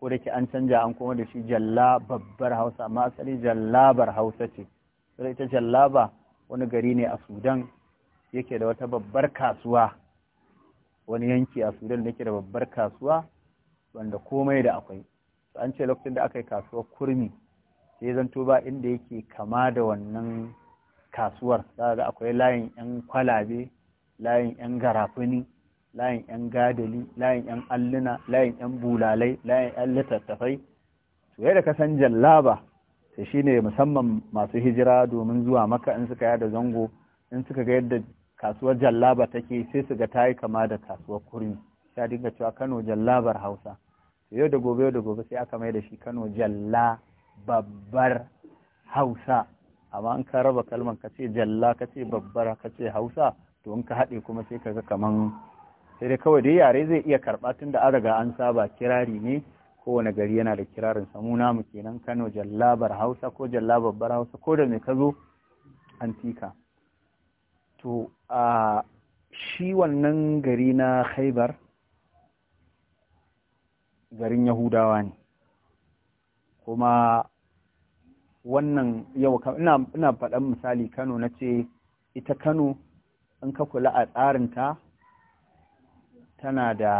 ko da ke an canja an kuma da shi jalla hausa amma asali jallabar hausa ce sai ita jallaba wani gari ne a sudan yake da wata babbar kasuwa wani yanki a sudan da yake da babbar kasuwa wanda komai da akwai an ce lokacin da aka yi kasuwar kurmi sai zanto ba inda yake kama da wannan kasuwar za a ga akwai layin 'yan kwalabe layin 'yan garafuni layin 'yan gadali layin 'yan alluna layin 'yan bulalai layin 'yan littattafai to yadda ka san jallaba ta shi ne musamman masu hijira domin zuwa maka in suka yada zango in suka ga yadda kasuwar jallaba take sai su ga ta yi kama da kasuwar kurmi ta dinga cewa kano jallabar hausa yau da gobe yau da gobe sai aka mai da shi kano jalla babbar hausa amma an ka raba kalman ka ce jalla ka ce babbar ka ce hausa to in ka haɗe kuma sai ka ga kaman sai dai kawai dai yare zai iya karɓa tun da an an saba kirari ne kowane gari yana da kirarin samu namu kenan kano jallabar hausa ko jallabar hausa ko da mai ka zo antika to a shi wannan gari na khaibar garin yahudawa ne kuma wannan yau ina faɗan misali kano na ce ita kano in ka kula a tsarinta tana da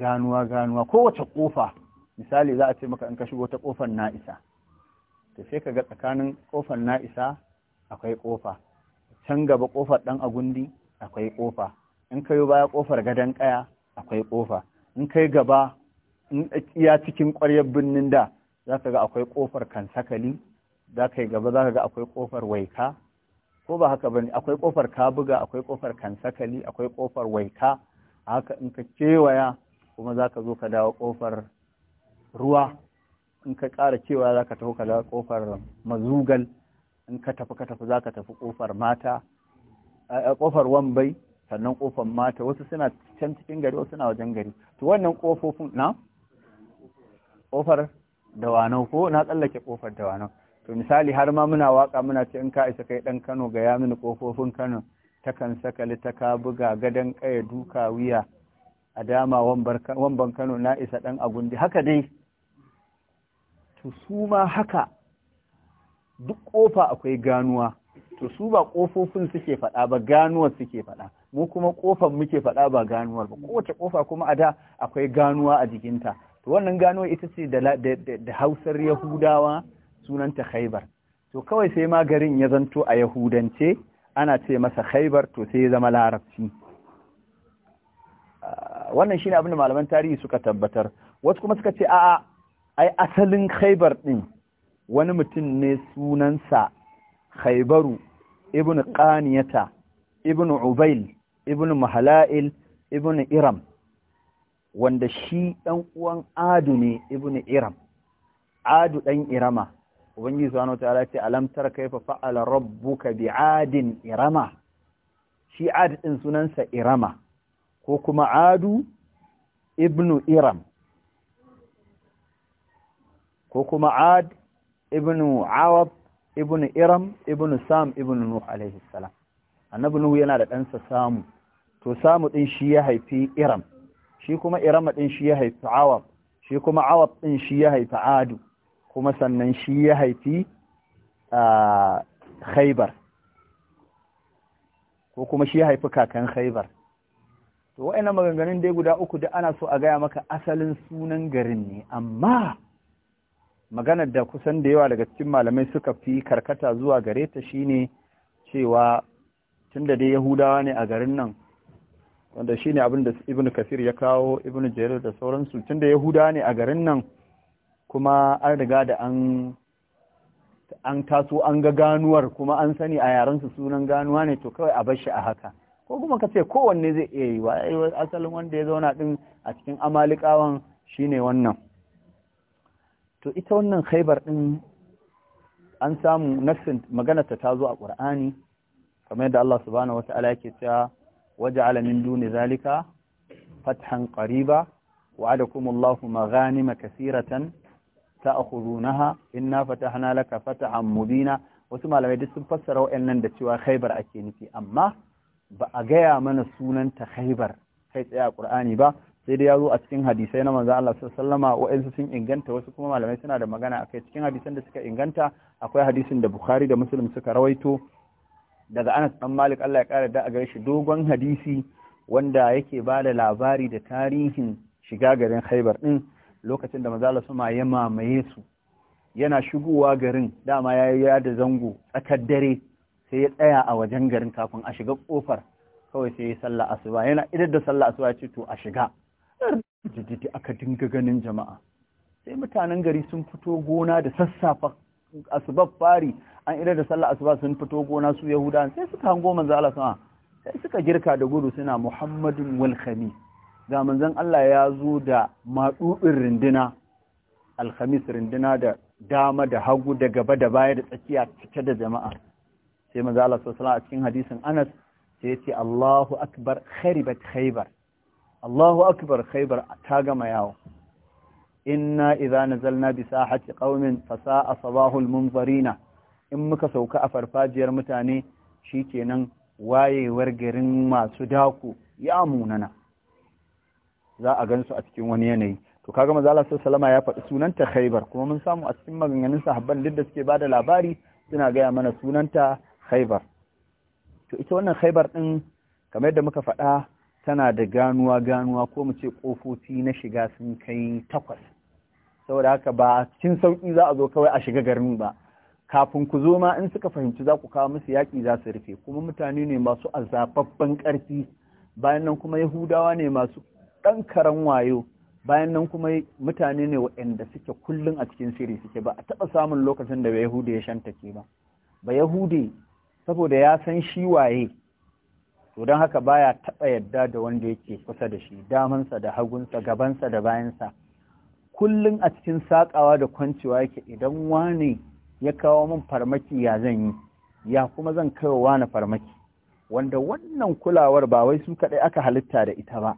ganuwa-ganuwa kowace ƙofa misali za a ce maka in ka shigo ta ƙofar na'isa to sai ka ga tsakanin ƙofar na'isa akwai ƙofa can gaba ƙofar ɗan agundi akwai ƙofa in ka yi baya ƙofar gadon ƙaya akwai ƙofa in kai gaba in iya cikin ƙwaryar birnin da za ka ga akwai ƙofar kansakali za ka yi gaba za ka ga akwai ƙofar waika ko ba haka bane akwai kofar kabuga akwai kofar kansakali akwai kofar waika haka in ka kewaya kuma za ka zo ka dawo kofar ruwa in ka ƙara cewa ka tafi ka dawo kofar mazugal in ka tafi ka tafi ka tafi kofar mata a eh, kofar wambai sannan kofar mata wasu suna can cikin gari wasu suna wajen gari to wannan kofofin na kofar dawanau ko na tsallake kofar dawanau to misali har ma muna waka muna ce in ka isa kai dan Kano ga ya mini kofofin Kano takan sakali ta ka buga gadan kaya duka wuya a dama wamban Kano na isa dan agundi haka dai to su ma haka duk kofa akwai ganuwa to su ba kofofin suke faɗa ba ganuwar suke faɗa mu kuma kofar muke faɗa ba ganuwar ba kowace kofa kuma a da akwai ganuwa a jikinta to wannan ganuwa ita ce da hausar yahudawa sunanta khaibar to kawai sai ma garin ya zanto a yahudance ana ce masa khaibar to sai ya zama larabci ah, wannan shine abin da malaman tarihi suka tabbatar wasu kuma suka ce a'a ai asalin khaibar ɗin wani mutum ne sunansa khaibaru ibn qaniyata ibn ubail ibn mahala'il ibn iram wanda shi ɗan uwan adu ne ibn iram adu ɗan irama ubangiji subhanahu wataala ce alam tara kaifa fa'ala rabbuka bi'adin irama shi ad din sunansa irama ko kuma adu ibnu iram ko kuma ad ibnu awab ibnu iram ibnu sam ibnu nuh alaihi salam annabi nuh yana da dansa samu to samu din shi ya haifi iram shi kuma irama din shi ya haifi awab shi kuma awab din shi ya haifi adu kuma sannan shi ya haifi a khaibar ko kuma shi ya haifi kakan khaibar to wa'annan maganganun dai guda uku da ana so a gaya maka asalin sunan garin ne amma maganar da kusan da yawa daga cikin malamai suka fi karkata zuwa gare ta shine cewa tun da dai yahudawa ne a garin nan wanda shine abin da ibn kasir ya kawo ibn jarir da sauransu tun da yahudawa ne a garin nan kuma an riga da an taso an ga ganuwar kuma an sani a yarensu sunan ganuwa ne to kawai a bar shi a haka ko kuma ka ce kowanne zai iya yi wa asalin wanda ya zauna din a cikin amalikawan shine wannan to ita wannan khaibar din an samu nafsin maganarta ta zo a ƙur'ani kamar yadda Allah subhanahu wata'ala yake cewa waja'ala min duni zalika fathan qariba wa'adakumullahu maghanima kaseeratan ta'khudunaha inna fatahna laka fatahan mubina wasu malamai duk sun fassara wayannan da cewa khaybar ake nufi amma ba a gaya mana sunan ta khaybar kai tsaye a qur'ani ba sai dai ya zo a cikin hadisai na manzo Allah sallama waɗansu sun inganta wasu kuma malamai suna da magana akai cikin hadisan da suka inganta akwai hadisin da Bukhari da Muslim suka rawaito daga Anas dan Malik Allah ya kare da a gare shi dogon hadisi wanda yake ba da labari da tarihin shiga garin Khaibar din lokacin da manzala suma ya mamaye su yana shigowa garin dama ya yi da zango tsakar dare sai ya tsaya a wajen garin kafin a shiga kofar kawai sai ya sallah asuba yana idan da sallah asuba ya ce to a shiga jijiti aka dinga ganin jama'a sai mutanen gari sun fito gona da sassafa asubar fari an idan da sallah asuba sun fito gona su yahudan sai suka hango manzo Allah ma sai suka girka da gudu suna muhammadun wal ga manzon Allah ya zo da maɗuɗin rinduna alhamis rinduna da dama da hagu da gaba da baya da tsakiya cike da jama'a sai manzon Allah sallallahu a cikin hadisin Anas sai ya ce Allahu akbar kharibat khaybar Allahu akbar khaybar ta gama yawo inna idza nazalna bi sahati qaumin fa sa'a sabahul munzarina in muka sauka a farfajiyar mutane shikenan wayewar garin masu daku ya munana za a gansu a cikin wani yanayi to kaga manzo Allah sallallahu ya faɗi sunanta Khaybar kuma mun samu a cikin maganganun sahabban duk da suke bada labari suna gaya mana sunanta Khaybar to ita wannan Khaybar din kamar yadda muka faɗa tana da ganuwa ganuwa ko mu ce kofofi na shiga sun kai takwas saboda haka ba cikin sauki za a zo kawai a shiga garin ba kafin ku zo ma in suka fahimci za ku kawo musu yaƙi za su rufe kuma mutane ne masu azababban ƙarfi bayan nan kuma yahudawa ne masu ɗan karan wayo bayan nan kuma mutane ne waɗanda suke kullum a cikin sirri suke ba a taɓa samun lokacin da Yahudu ya shantake ba ba Yahudi saboda ya san shi waye to don haka baya taɓa yadda da wanda yake kusa da shi damansa da hagunsa gabansa da bayansa kullum a cikin saƙawa da kwancewa yake idan wani ya kawo min farmaki ya zan yi ya kuma zan kaiwa wani farmaki wanda wannan kulawar ba wai su kaɗai aka halitta da ita ba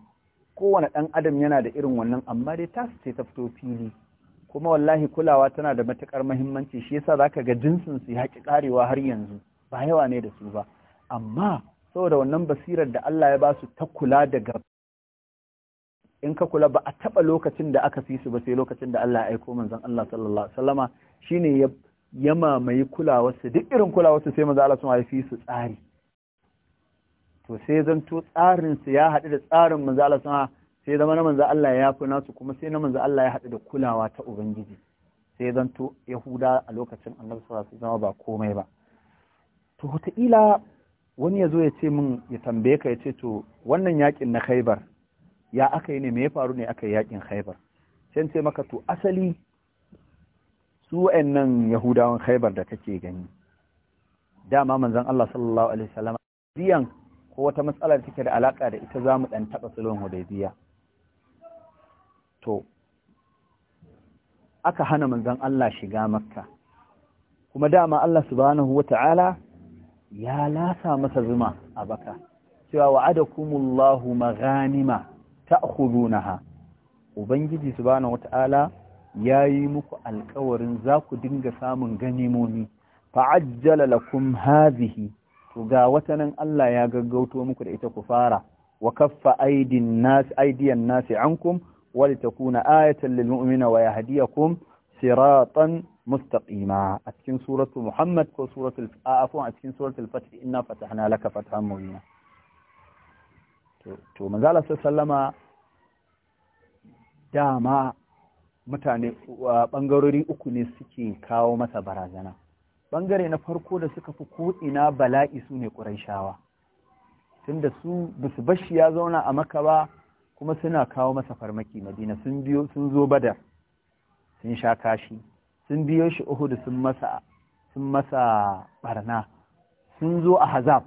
kowane ɗan adam yana da irin wannan amma dai ta ce ta fito fili kuma wallahi kulawa tana da matuƙar mahimmanci shi yasa zaka ga jinsin su haƙi ƙarewa har yanzu ba yawa ne da su ba amma saboda wannan basirar da Allah ya basu ta kula da gaba in ka kula ba a taɓa lokacin da aka fi su ba sai lokacin da Allah ya aiko manzon Allah sallallahu alaihi wasallama shine ya ya mamaye kulawarsu duk irin kulawarsu sai manzon Allah sun haifi su tsari to sai zanto tsarin su ya haɗu da tsarin manzo Allah sama sai zama na manzo Allah ya yafi nasu kuma sai na manzo Allah ya haɗu da kulawa ta ubangiji sai zanto yahuda a lokacin annabi sallallahu alaihi wasallam ba komai ba to wataƙila wani ya zo ya ce min ya tambaye ka ya ce to wannan yakin na khaibar ya aka yi ne me ya faru ne aka yi yakin khaibar sai ce maka to asali su wa'annan yahudawan khaibar da kake gani dama manzon Allah sallallahu alaihi wasallam ko wata matsalar take da alaƙa da ita za mu ɗan taɓa sulhun hudaybiya to aka hana manzon Allah shiga makka kuma dama Allah subhanahu wata'ala ya lasa masa zuma a baka cewa wa'adakumullahu maghanima ta'khudunaha ubangiji subhanahu wata'ala yayi muku alƙawarin za ku dinga samun ganimomi fa'ajjala lakum hadhihi to ga wata nan Allah ya gaggauto muku da ita ku fara wa kaffa aidin nas aidiyan nas ankum wa litakuna ayatan lil mu'mina wa yahdiyakum siratan mustaqima a cikin suratu Muhammad ko afwan a cikin suratul Fath inna fatahna laka fathan mubina to manzo Allah sallama dama mutane bangarori uku ne suke kawo masa barazana Bangare na farko da suka fi ko'ina bala'i su ne ƙuraishawa tunda su ba su bashi ya zauna a maka ba kuma suna kawo masa farmaki madina sun biyo sun zo badar sun sha kashi sun biyo shi uhudu sun masa sun masa barna sun zo a hazab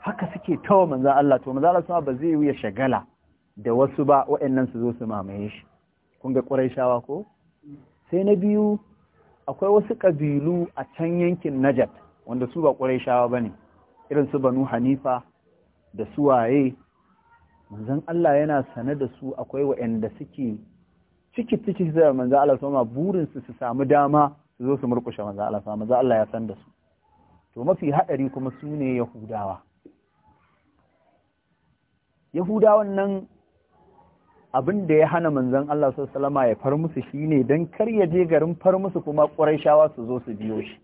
haka suke tawa manzan Allah to manzan Allah ba zai yi shagala da wasu ba waɗannan su zo su mamaye shi kun ga ƙuraishawa ko sai na biyu akwai wasu ƙabilu a can yankin najat wanda su ba ƙwarai ba ne irin su banu hanifa da su Waye. manzan Allah yana sane da su akwai wayanda suke ciki ciki su da manzan Allah ma burinsu su samu dama su zo su murkushe manzan Allah sama manzan Allah ya san da su to mafi haɗari kuma su ne yahudawa yahudawan nan abin da ya hana manzon Allah sallama ya far musu shine dan kar ya je garin far musu kuma shawa su zo su biyo shi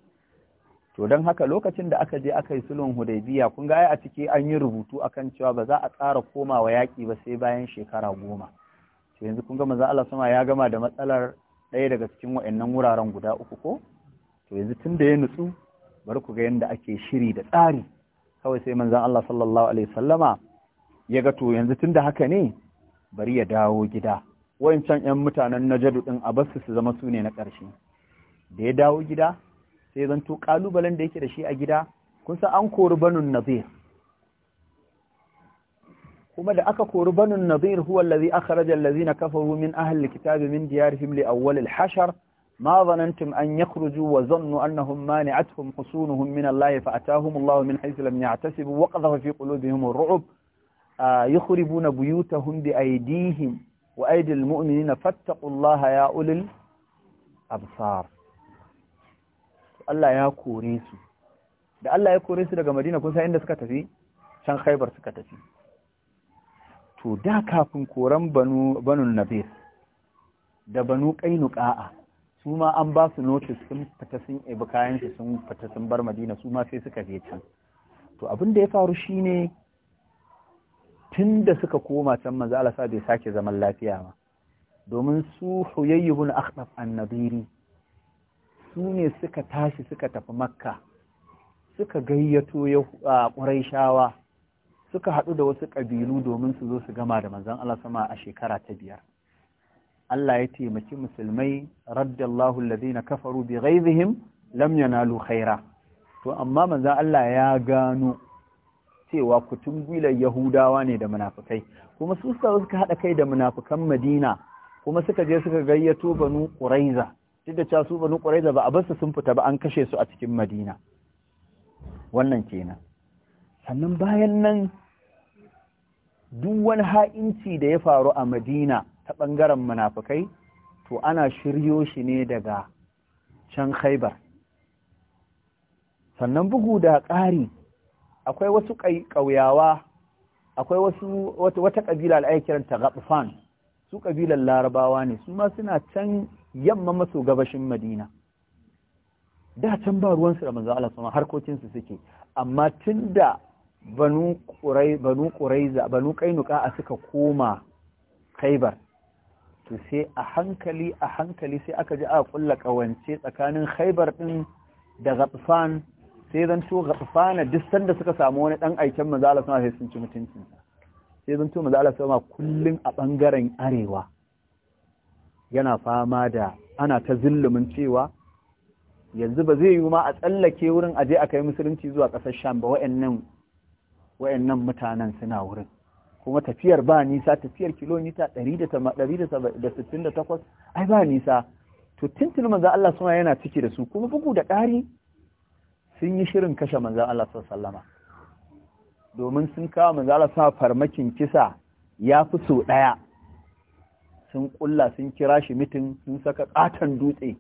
to don haka lokacin da aka je aka yi sulhun hudaybiya kun ga a ciki an yi rubutu akan cewa ba za a tsara komawa yaƙi ba sai bayan shekara goma to yanzu kun ga manzo Allah sama ya gama da matsalar ɗaya daga cikin wa'annan wuraren guda uku ko to yanzu tun da ya nutsu bari ku ga yadda ake shiri da tsari kawai sai manzon Allah sallallahu alaihi wasallama ya ga to yanzu tun da haka ne bari ya dawo gida wancan 'yan mutanen najadu ɗin a basu su zama su ne na ƙarshe da ya dawo gida sai zanto ƙalubalen da yake da shi a gida kun an kori banun nazir kuma da aka kori banun nazir huwa allazi akhraja na kafaru min ahli alkitabi min diyarihim li awwal hashar ma dhanantum an yakhruju wa dhannu annahum mani'atuhum husunuhum min allahi fa atahum min haythu lam ya'tasibu wa qadhafa fi qulubihim ar yukhribuna buyutahum bi aydihim wa aydil mu'minina fattaqullaha ya ulil absar Allah ya kore su da Allah ya kore su daga Madina kun san inda suka tafi can Khaibar suka tafi to da kafin koran banu banu Nabir da banu Qainuqa'a su ma an ba su notice sun fita sun ibi kayan su sun fita sun bar Madina su ma sai suka je can to abin da ya faru shine tun da suka koma can manzo Allah sa bai sake zaman lafiya ba domin su huyayyi ibn annabiri su ne suka tashi suka tafi makka suka gayyato ya ƙuraishawa suka haɗu da wasu ƙabilu domin su zo su gama da manzon Allah sama a shekara ta biyar Allah ya taimaki musulmai raddallahu alladhina kafaru bi ghaizihim lam yanalu khaira to amma manzon Allah ya gano cewa gwilar yahudawa ne da munafukai kuma su suka haɗa kai da munafukan madina kuma suka je suka gayyato banu ƙuraiza duk da cewa su banu ƙuraiza ba a basu sun fita ba an kashe su a cikin madina wannan kenan sannan bayan nan duk wani ha'inci da ya faru a madina ta ɓangaren munafukai to ana shiryo shi ne daga can khaibar sannan bugu da ƙari akwai wasu ƙauyawa akwai wasu wata ƙabila ta gaɓufan su ƙabilar larabawa ne su ma suna can yamma maso gabashin madina da can ba ruwansu da manzo Allah harkokinsu suke amma tun da banu ƙuraiza banu ƙainuka a suka koma khaibar to sai a hankali a hankali sai aka ji a kulla ƙawance tsakanin khaibar ɗin da gaɓufan sai zan to gatsana duk sanda suka samu wani dan aikin manzo Allah sama sai sun ci mutuncin sa sai zan to manzo Allah sama kullun a bangaren arewa yana fama da ana ta zillumin cewa yanzu ba zai yi ma a tsallake wurin aje a kai musulunci zuwa ƙasar Sham ba wayannan wayannan mutanen suna wurin kuma tafiyar ba nisa tafiyar kilomita 168 ai ba nisa to tintin manzo Allah suna yana ciki da su kuma bugu da ƙari sun yi shirin kashe manzan Allah sallama domin sun kawo manzan Allah sa farmakin kisa ya fi so ɗaya sun ƙulla sun kira shi mitin sun saka ƙaton dutse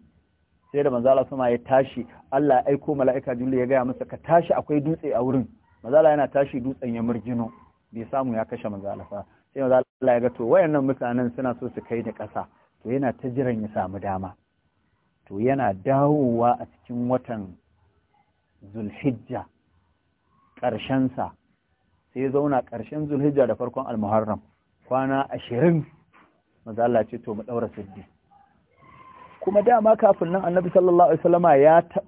sai da Allah sama ya tashi Allah ya aiko mala'ika jirgin ya gaya masa ka tashi akwai dutse a wurin manzala yana tashi dutsen ya murjino bai samu ya kashe manzan Allah sai Allah ya ga to wayannan mutanen suna so su kai da ƙasa to yana ta jiran ya samu dama to yana dawowa a cikin watan zulhijja ƙarshensa sai zauna ƙarshen zulhijja da farkon almuharram kwana ashirin maza Allah ce to mu ɗaura sirri kuma dama kafin nan annabi sallallahu alaihi wasallama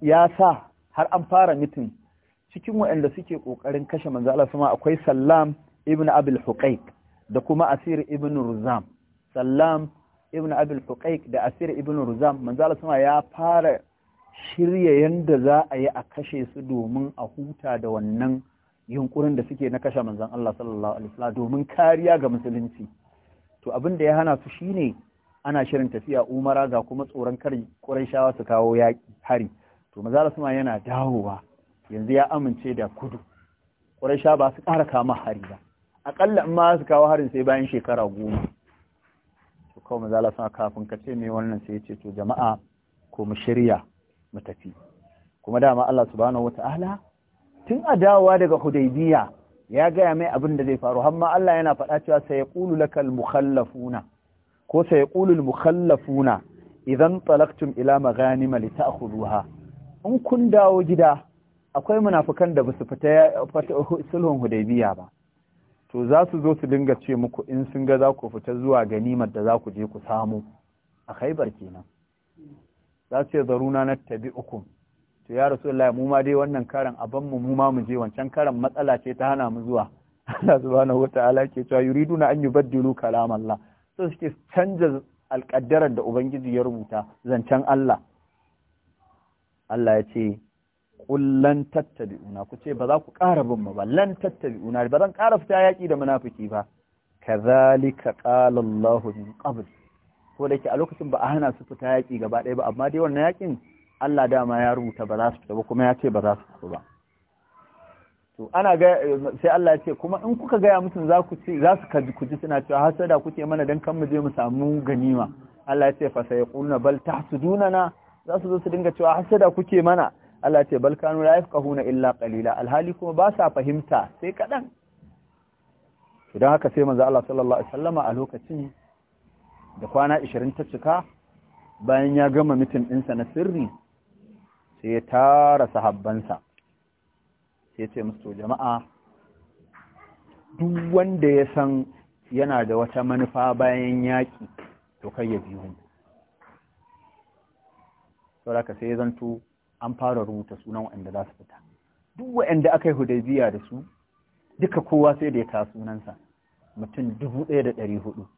ya sa har an fara mitin cikin waɗanda suke ƙoƙarin kashe manzo Allah akwai Sallam ibn Abil Huqaiq da kuma Asir ibn Ruzam Sallam ibn Abil Huqaiq da Asir ibn Ruzam manzo Allah ya fara shirya yadda za a yi a kashe su domin a huta da wannan yunkurin da suke na kashe manzon Allah sallallahu alaihi wasallam domin kariya ga musulunci to abin da ya hana su shine ana shirin tafiya umara ga kuma tsoron kar Qurayshawa su kawo yaki hari to manzon yana dawowa yanzu ya amince da kudu Quraysha ba su ƙara kama hari ba aƙalla in ma su kawo harin sai bayan shekara goma to kawai kafin ka ce me wannan sai ce to jama'a ko mu shirya mu tafi kuma dama Allah subhanahu wata'ala tun a dawowa daga hudaybiya ya gaya mai abin da zai faru amma Allah yana faɗa cewa sai ya qulu lakal mukhallafuna ko sai ya ƙulul mukhallafuna idan talaqtum ila maghanim li ta'khuduha in kun dawo gida akwai munafikan da basu fita sulhun hudaybiya ba to za su zo su dinga ce muku in sun ga za ku fita zuwa ganimar da za ku je ku samu a khaibar kenan za su ce zaruna na tabi uku to ya rasu Allah mu ma dai wannan karan abin mu mu ma mu je wancan karan matsala ce ta hana mu zuwa Allah subhanahu wataala ke cewa yuriduna an yubaddilu kalam Allah so suke canja alƙaddarar da ubangiji ya rubuta zancen Allah Allah ya ce kullan tattabi'una ku ce ba za ku ƙara bin mu ba lan tattabi'una ba zan ƙara fita yaƙi da munafuki ba kazalika qala Allahu min qabl ko da ke a lokacin ba a hana su fita yaƙi gaba ɗaya ba amma dai wannan yaƙin Allah dama ya rubuta ba za su fita ba kuma ya ce ba za su fita ba to ana ga sai Allah ya ce kuma in kuka gaya musu za ku ci za su kaji ku ji suna cewa hasada kuke mana dan kan mu je mu samu ganima Allah ya ce fa sayqulna bal tahsudunana za su zo su dinga cewa hasada kuke mana Allah ya ce bal kanu la yafqahuna illa qalila alhali kuma ba sa fahimta sai kadan idan haka sai manzo Allah sallallahu alaihi wasallama a lokacin da kwana 20 ta cika bayan ya gama mitin ɗinsa na sirri sai ya tara sahabbansa sai ce musu jama'a duk wanda ya san yana da wata manufa bayan yaƙi to kai ya biyu sauraka sai ya zanto an fara rubuta sunan waɗanda za su fita duk waɗanda aka yi biya da su duka kowa sai da ya ta sunansa mutum dubu ɗaya da ɗari hudu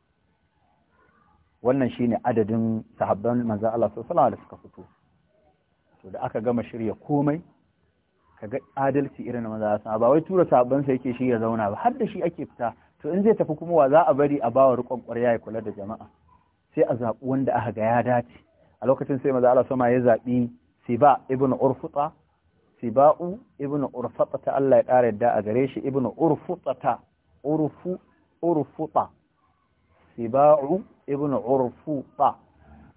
wannan shine adadin sahabban manzan Allah sallallahu alaihi suka fito to da aka gama shirya komai kaga adalci irin na manzan Allah ba wai tura sahabban sa yake shi ya zauna ba har da shi ake fita to in zai tafi kuma wa za a bari a bawa rikon ƙwarya ya kula da jama'a sai a zaɓi wanda aka ga ya dace a lokacin sai manzan Allah ya zaɓi Siba ibn Urfuta Siba'u ibn Urfuta ta Allah ya ƙara yadda a gare shi ibn Urfuta ta Urfu Urfuta Siba'u ibn urfuta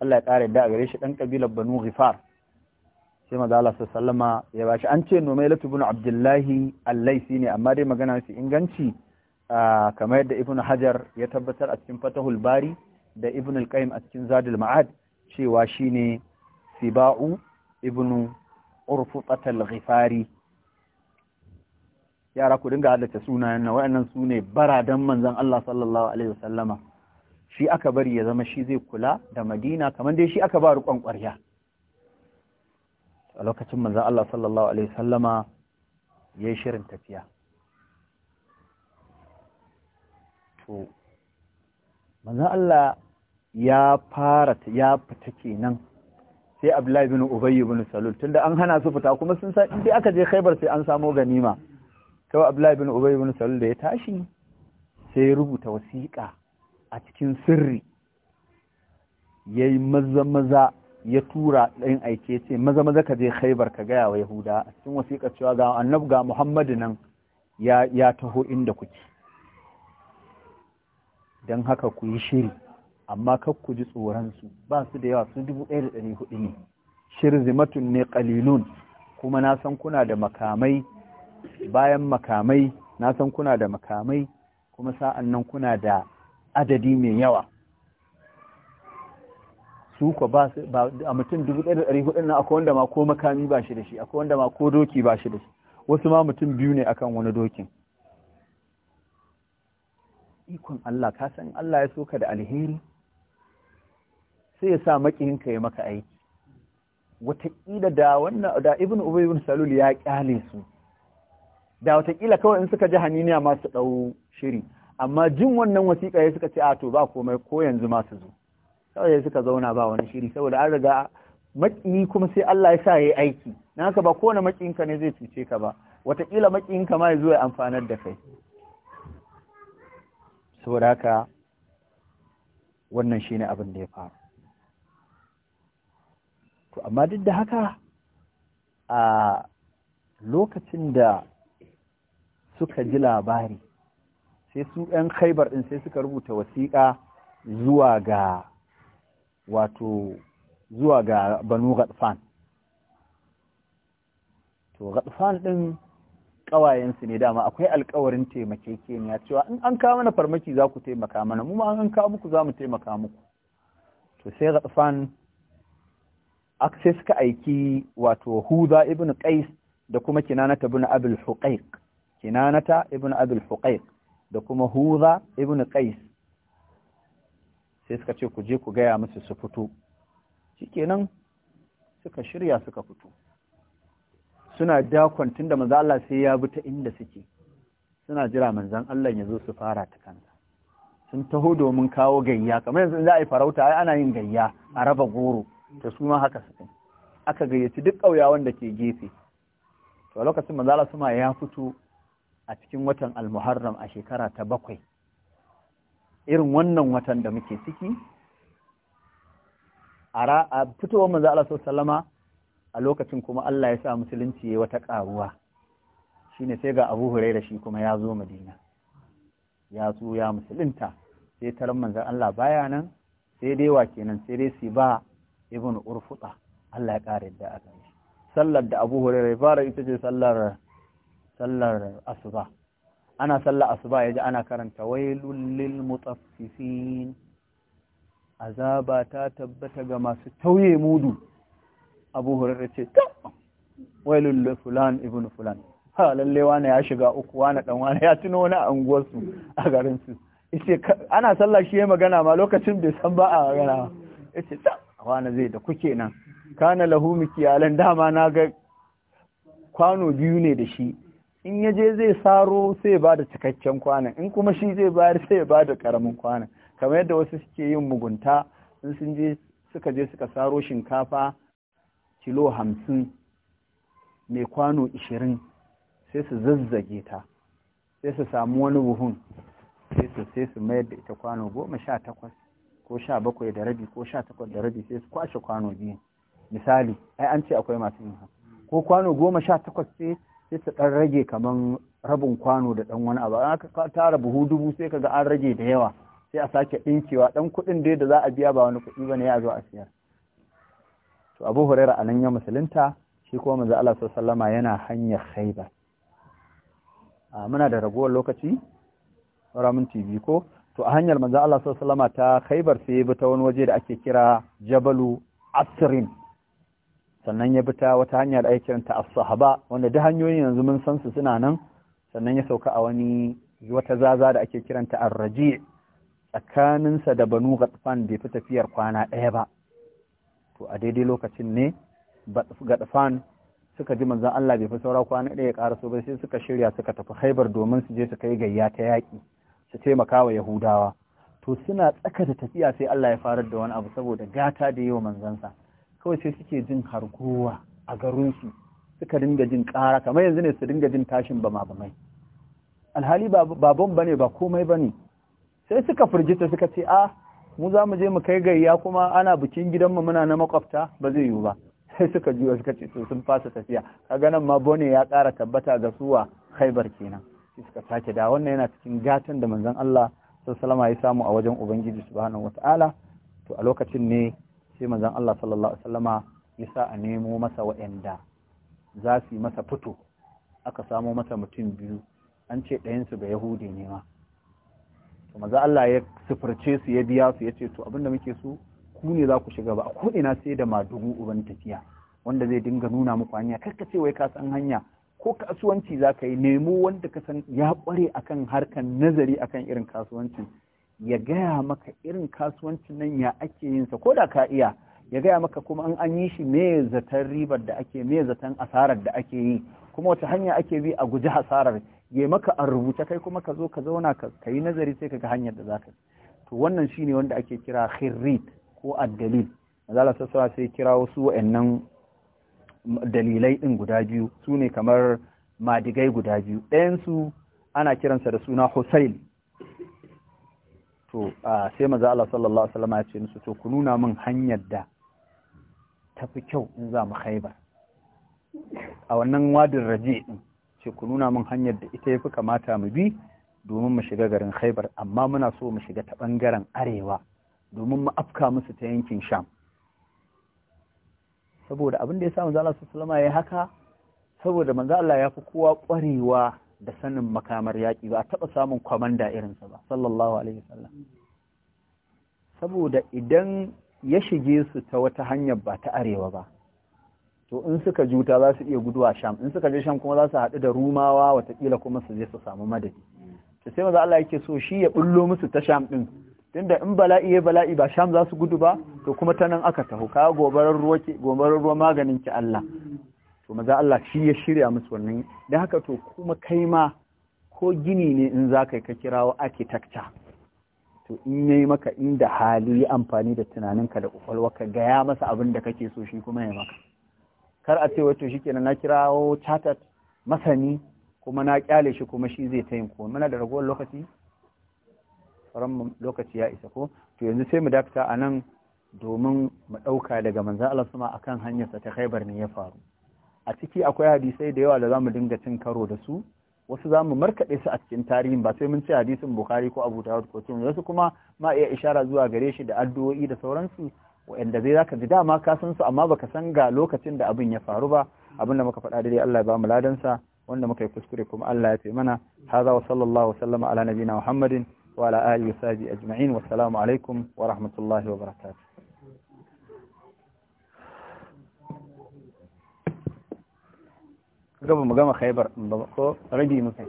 Allah ya ƙara yadda a gare shi ɗan ƙabilar banu ghifar sai maza Allah sallama ya shi an ce numailatu ibn abdullahi allaisi ne amma dai magana su inganci kamar yadda ibn hajar ya tabbatar a cikin fatahul bari da ibn al-qayyim a cikin zadul ma'ad cewa shine siba'u ibn urfutat ghifari yara ku dinga halatta sunayen nan waɗannan sune baradan manzon Allah sallallahu alaihi wasallama shi aka bari ya zama shi zai kula da madina kamar dai shi aka ba rukon ƙwarya a lokacin manzan Allah sallallahu Alaihi sallama ya yi shirin tafiya to manzan Allah ya fara ya fita kenan sai Abdullahi bin Ubayy bin Salul tunda an hana su fita kuma sun san dai aka je Khaibar sai an samu ganima kawai Abdullahi bin Ubayy bin Salul da ya tashi sai ya rubuta wasiƙa a cikin sirri ya yi maza-maza ya tura ɗayan aike ce maza-maza ka je khaibar ka gaya wa yahuda a cikin wasiƙa cewa ga annab ga muhammadu nan ya taho inda kuke don haka ku yi shiri amma kar ku ji tsoronsu ba su da yawa su dubu ɗaya da ɗari hudu ne zimatun ne ƙalilun kuma na san kuna da makamai bayan makamai na san kuna da makamai kuma sa'an nan kuna da adadi mai yawa su ko ba a mutum 1400 na akwai wanda ma ko makami ba shi da shi akwai wanda ma ko doki ba shi da shi wasu ma mutum biyu ne akan wani dokin ikon Allah ka san Allah ya so ka da alheri sai ya sa ka ya maka aiki wataƙila da wannan da ibn ubay ibn salul ya kyale su da wataƙila kawai in suka ji haniniya ma su ɗau shiri amma jin wannan wasiƙa ya suka ce a to ba komai ko yanzu ma su zo saboda suka zauna ba wani shiri saboda an riga maƙiyi kuma sai Allah ya sa ya yi aiki na haka ba kowane maƙiyinka ne zai cuce ka ba wataƙila maƙiyinka ma ya zo ya amfanar da kai saboda haka wannan shine abin da ya faru to amma duk da haka a lokacin da suka ji labari sai su 'yan khaibar ɗin sai suka rubuta wasiƙa zuwa ga wato zuwa ga banu gadfan to gadfan ɗin ƙawayensu ne dama akwai alkawarin taimakekeniya cewa in an kawo mana farmaki za ku taimaka mana mu an kawo muku za mu taimaka muku to sai gadfan sai suka aiki wato huza ibn qais da kuma kinanata ibn abul huqaiq kinanata ibn abul huqaiq da kuma huza ibn qais sai suka ce ku je ku gaya musu su fito shikenan suka shirya suka fito suna dakon tunda manzo Allah sai ya bi ta inda suke suna jira manzon Allah ya zo su fara ta kansa sun taho domin kawo gayya kamar yanzu za a yi farauta ai ana yin gayya a raba goro Ta su haka su aka gayyaci duk ƙauyawan wanda ke gefe to lokacin manzo Allah suma ya fito a cikin watan almuharram a shekara ta bakwai irin wannan watan da muke ciki a fitowar manzo Allah sallama a lokacin kuma Allah ya sa musulunci yayi wata karuwa shine sai ga Abu Hurairah shi kuma ya zo Madina ya zo ya musulunta sai taron manzo Allah baya nan sai dai wa kenan sai dai si ba ibn urfuta Allah ya kare da aka sallar da Abu Hurairah fara ita ce sallar sallar asuba ana sallar asuba ya ji ana karanta wailul lil mutaffifin azaba ta tabbata ga masu tauye mudu abu hurairu ce ta wailul fulan ibn fulan ha lalle wani ya shiga uku wani dan wani ya tuno wani anguwar su a garinsu su yace ana sallar shi ya magana ma lokacin bai san ba a magana yace ta wani zai da kuke nan kana lahu alan dama na ga kwano biyu ne da shi in ya je zai saro sai ba da cikakken kwanan in kuma shi zai bayar sai ba da karamin kwanan kamar yadda wasu suke yin mugunta in sun je suka je suka saro shinkafa kilo hamsin mai kwano ishirin sai su zazzage ta sai su samu wani buhun sai su sai su mayar da ita kwano goma sha takwas ko sha bakwai da rabi ko sha takwas da rabi sai su kwashe kwano biyu misali ai an ce akwai masu yin haka ko kwano goma sha takwas sai sai ɗan rage kaman rabin kwano da ɗan wani abu an ka tara buhu dubu sai ka ga an rage da yawa sai a sake ɗinkewa ɗan kuɗin dai da za a biya ba wani kuɗi ba ne ya zo a siyar to abu huraira a nan ya musulunta shi kuma manzo Allah sallama yana hanyar khaibar a muna da ragowar lokaci saura minti biyu ko to a hanyar manzo Allah sallama ta khaibar sai ya bi ta wani waje da ake kira jabalu asrin sannan ya bita wata hanyar aikin ta asahaba as wanda duk hanyoyin yanzu mun san su suna nan sannan ya sauka a wani wata zaza da ake kiranta ar-raji' tsakaninsa da banu gatfan bai fi tafiyar kwana ɗaya ba to a daidai lokacin ne gatfan suka ji manzan Allah bai fi saura kwana ɗaya ƙara so ba sai suka shirya suka tafi haibar domin su je su kai gayya ta yaki, su taimaka wa yahudawa to suna tsaka da tafiya sai Allah ya farar da wani abu saboda gata da yau wa manzansa kawai sai suke jin harguwa a garinsu suka dinga jin ƙara kamar yanzu ne su dinga jin tashin bama bamai alhali ba bane ba komai bane sai suka firgita suka ce a ah, mu za mu je mu kai gayya kuma ana bikin gidanmu muna na makwabta ba zai yiwu ba sai suka juya suka ce to sun fasa tafiya kaga nan ma bone ya ƙara tabbata ga suwa khaibar kenan sai suka sake da wannan yana cikin gatan da manzon Allah sallallahu alaihi wasallam ya samu a wajen ubangiji subhanahu wataala to a lokacin ne sai manzon Allah sallallahu alaihi wasallama ya sa a nemo masa waɗanda za su yi masa fito aka samo masa mutum biyu an ce ɗayansu ga yahudi ne ma to maza Allah ya sifirce su ya biya su ya ce to abinda muke so ku ne za ku shiga ba a na sai da madugu uban tafiya wanda zai dinga nuna muku hanya karka ce wai ka san hanya ko kasuwanci za ka yi nemo wanda ka san ya ƙware akan harkan nazari akan irin kasuwanci ya gaya maka irin kasuwancin nan ya ake yinsa ko da ka iya ya gaya maka kuma an an yi shi me zaton ribar da ake me zaton asarar da ake yi kuma wata hanya ake bi a guji hasarar ya maka a rubuta kai kuma ka zo ka zauna ka yi nazari sai ka ga hanyar da zaka to wannan shine wanda ake kira khirrit ko addalil mazala sassawa sai kira wasu wa'annan dalilai din guda biyu su ne kamar madigai guda biyu ɗayansu ana kiransa da suna husail to sai maza Allah sallallahu alaihi wasallam ya ce musu to ku nuna min hanyar da tafi kyau in za mu Khaibar a wannan wadin raje din ce ku nuna min hanyar da ita ya fi kamata mu bi domin mu shiga garin Khaibar amma muna so mu shiga ta bangaren arewa domin mu afka musu ta yankin Sham saboda abin da ya sa manzo Allah sallallahu alaihi wasallam ya haka saboda maza Allah ya fi kowa ƙwarewa da sanin makamar yaƙi ba a taɓa samun kwamanda irinsa ba sallallahu alaihi wasallam saboda idan ya shige su ta wata hanyar ba ta arewa ba to in suka juta za su iya guduwa sham in suka je sham kuma za su haɗu da rumawa watakila kuma su je su samu madadi to sai maza Allah yake so shi ya bullo musu ta sham din tunda in bala'i ya bala'i ba sham za su gudu ba to kuma ta nan aka taho ka gobarar ruwa maganin ki Allah to maza Allah shi ya shirya musu wannan da haka to kuma kai ma ko gini ne in za ka yi ka kirawo architecture to in yayi maka inda hali ya amfani da tunaninka da ka gaya masa abin da kake so shi kuma ya maka kar a ce wato shikenan na kirawo chartered masani kuma na kyale shi kuma shi zai tayin ko muna da ragowar lokaci sauran lokaci ya isa ko to yanzu sai mu dakta a nan domin mu ɗauka daga manzan Allah suma akan hanyarsa ta khaibar ne ya faru a ciki akwai hadisai da yawa da zamu dinga cin karo da su wasu zamu markaɗe su a cikin tarihin ba sai mun ce hadisin bukhari ko abu dawud ko cin wasu kuma ma iya ishara zuwa gare shi da addu'o'i da sauransu wanda zai zaka ji dama ka san su amma baka san ga lokacin da abin ya faru ba abin da muka faɗa dai Allah ya ba mu ladan sa wanda muka yi kuskure kuma Allah ya fi mana hadha wa sallallahu sallama ala nabina muhammadin wa ala alihi wa sahbihi ajma'in wassalamu alaikum wa rahmatullahi wa barakatuh kaga ba mu gama khaibar ba ko rabi muka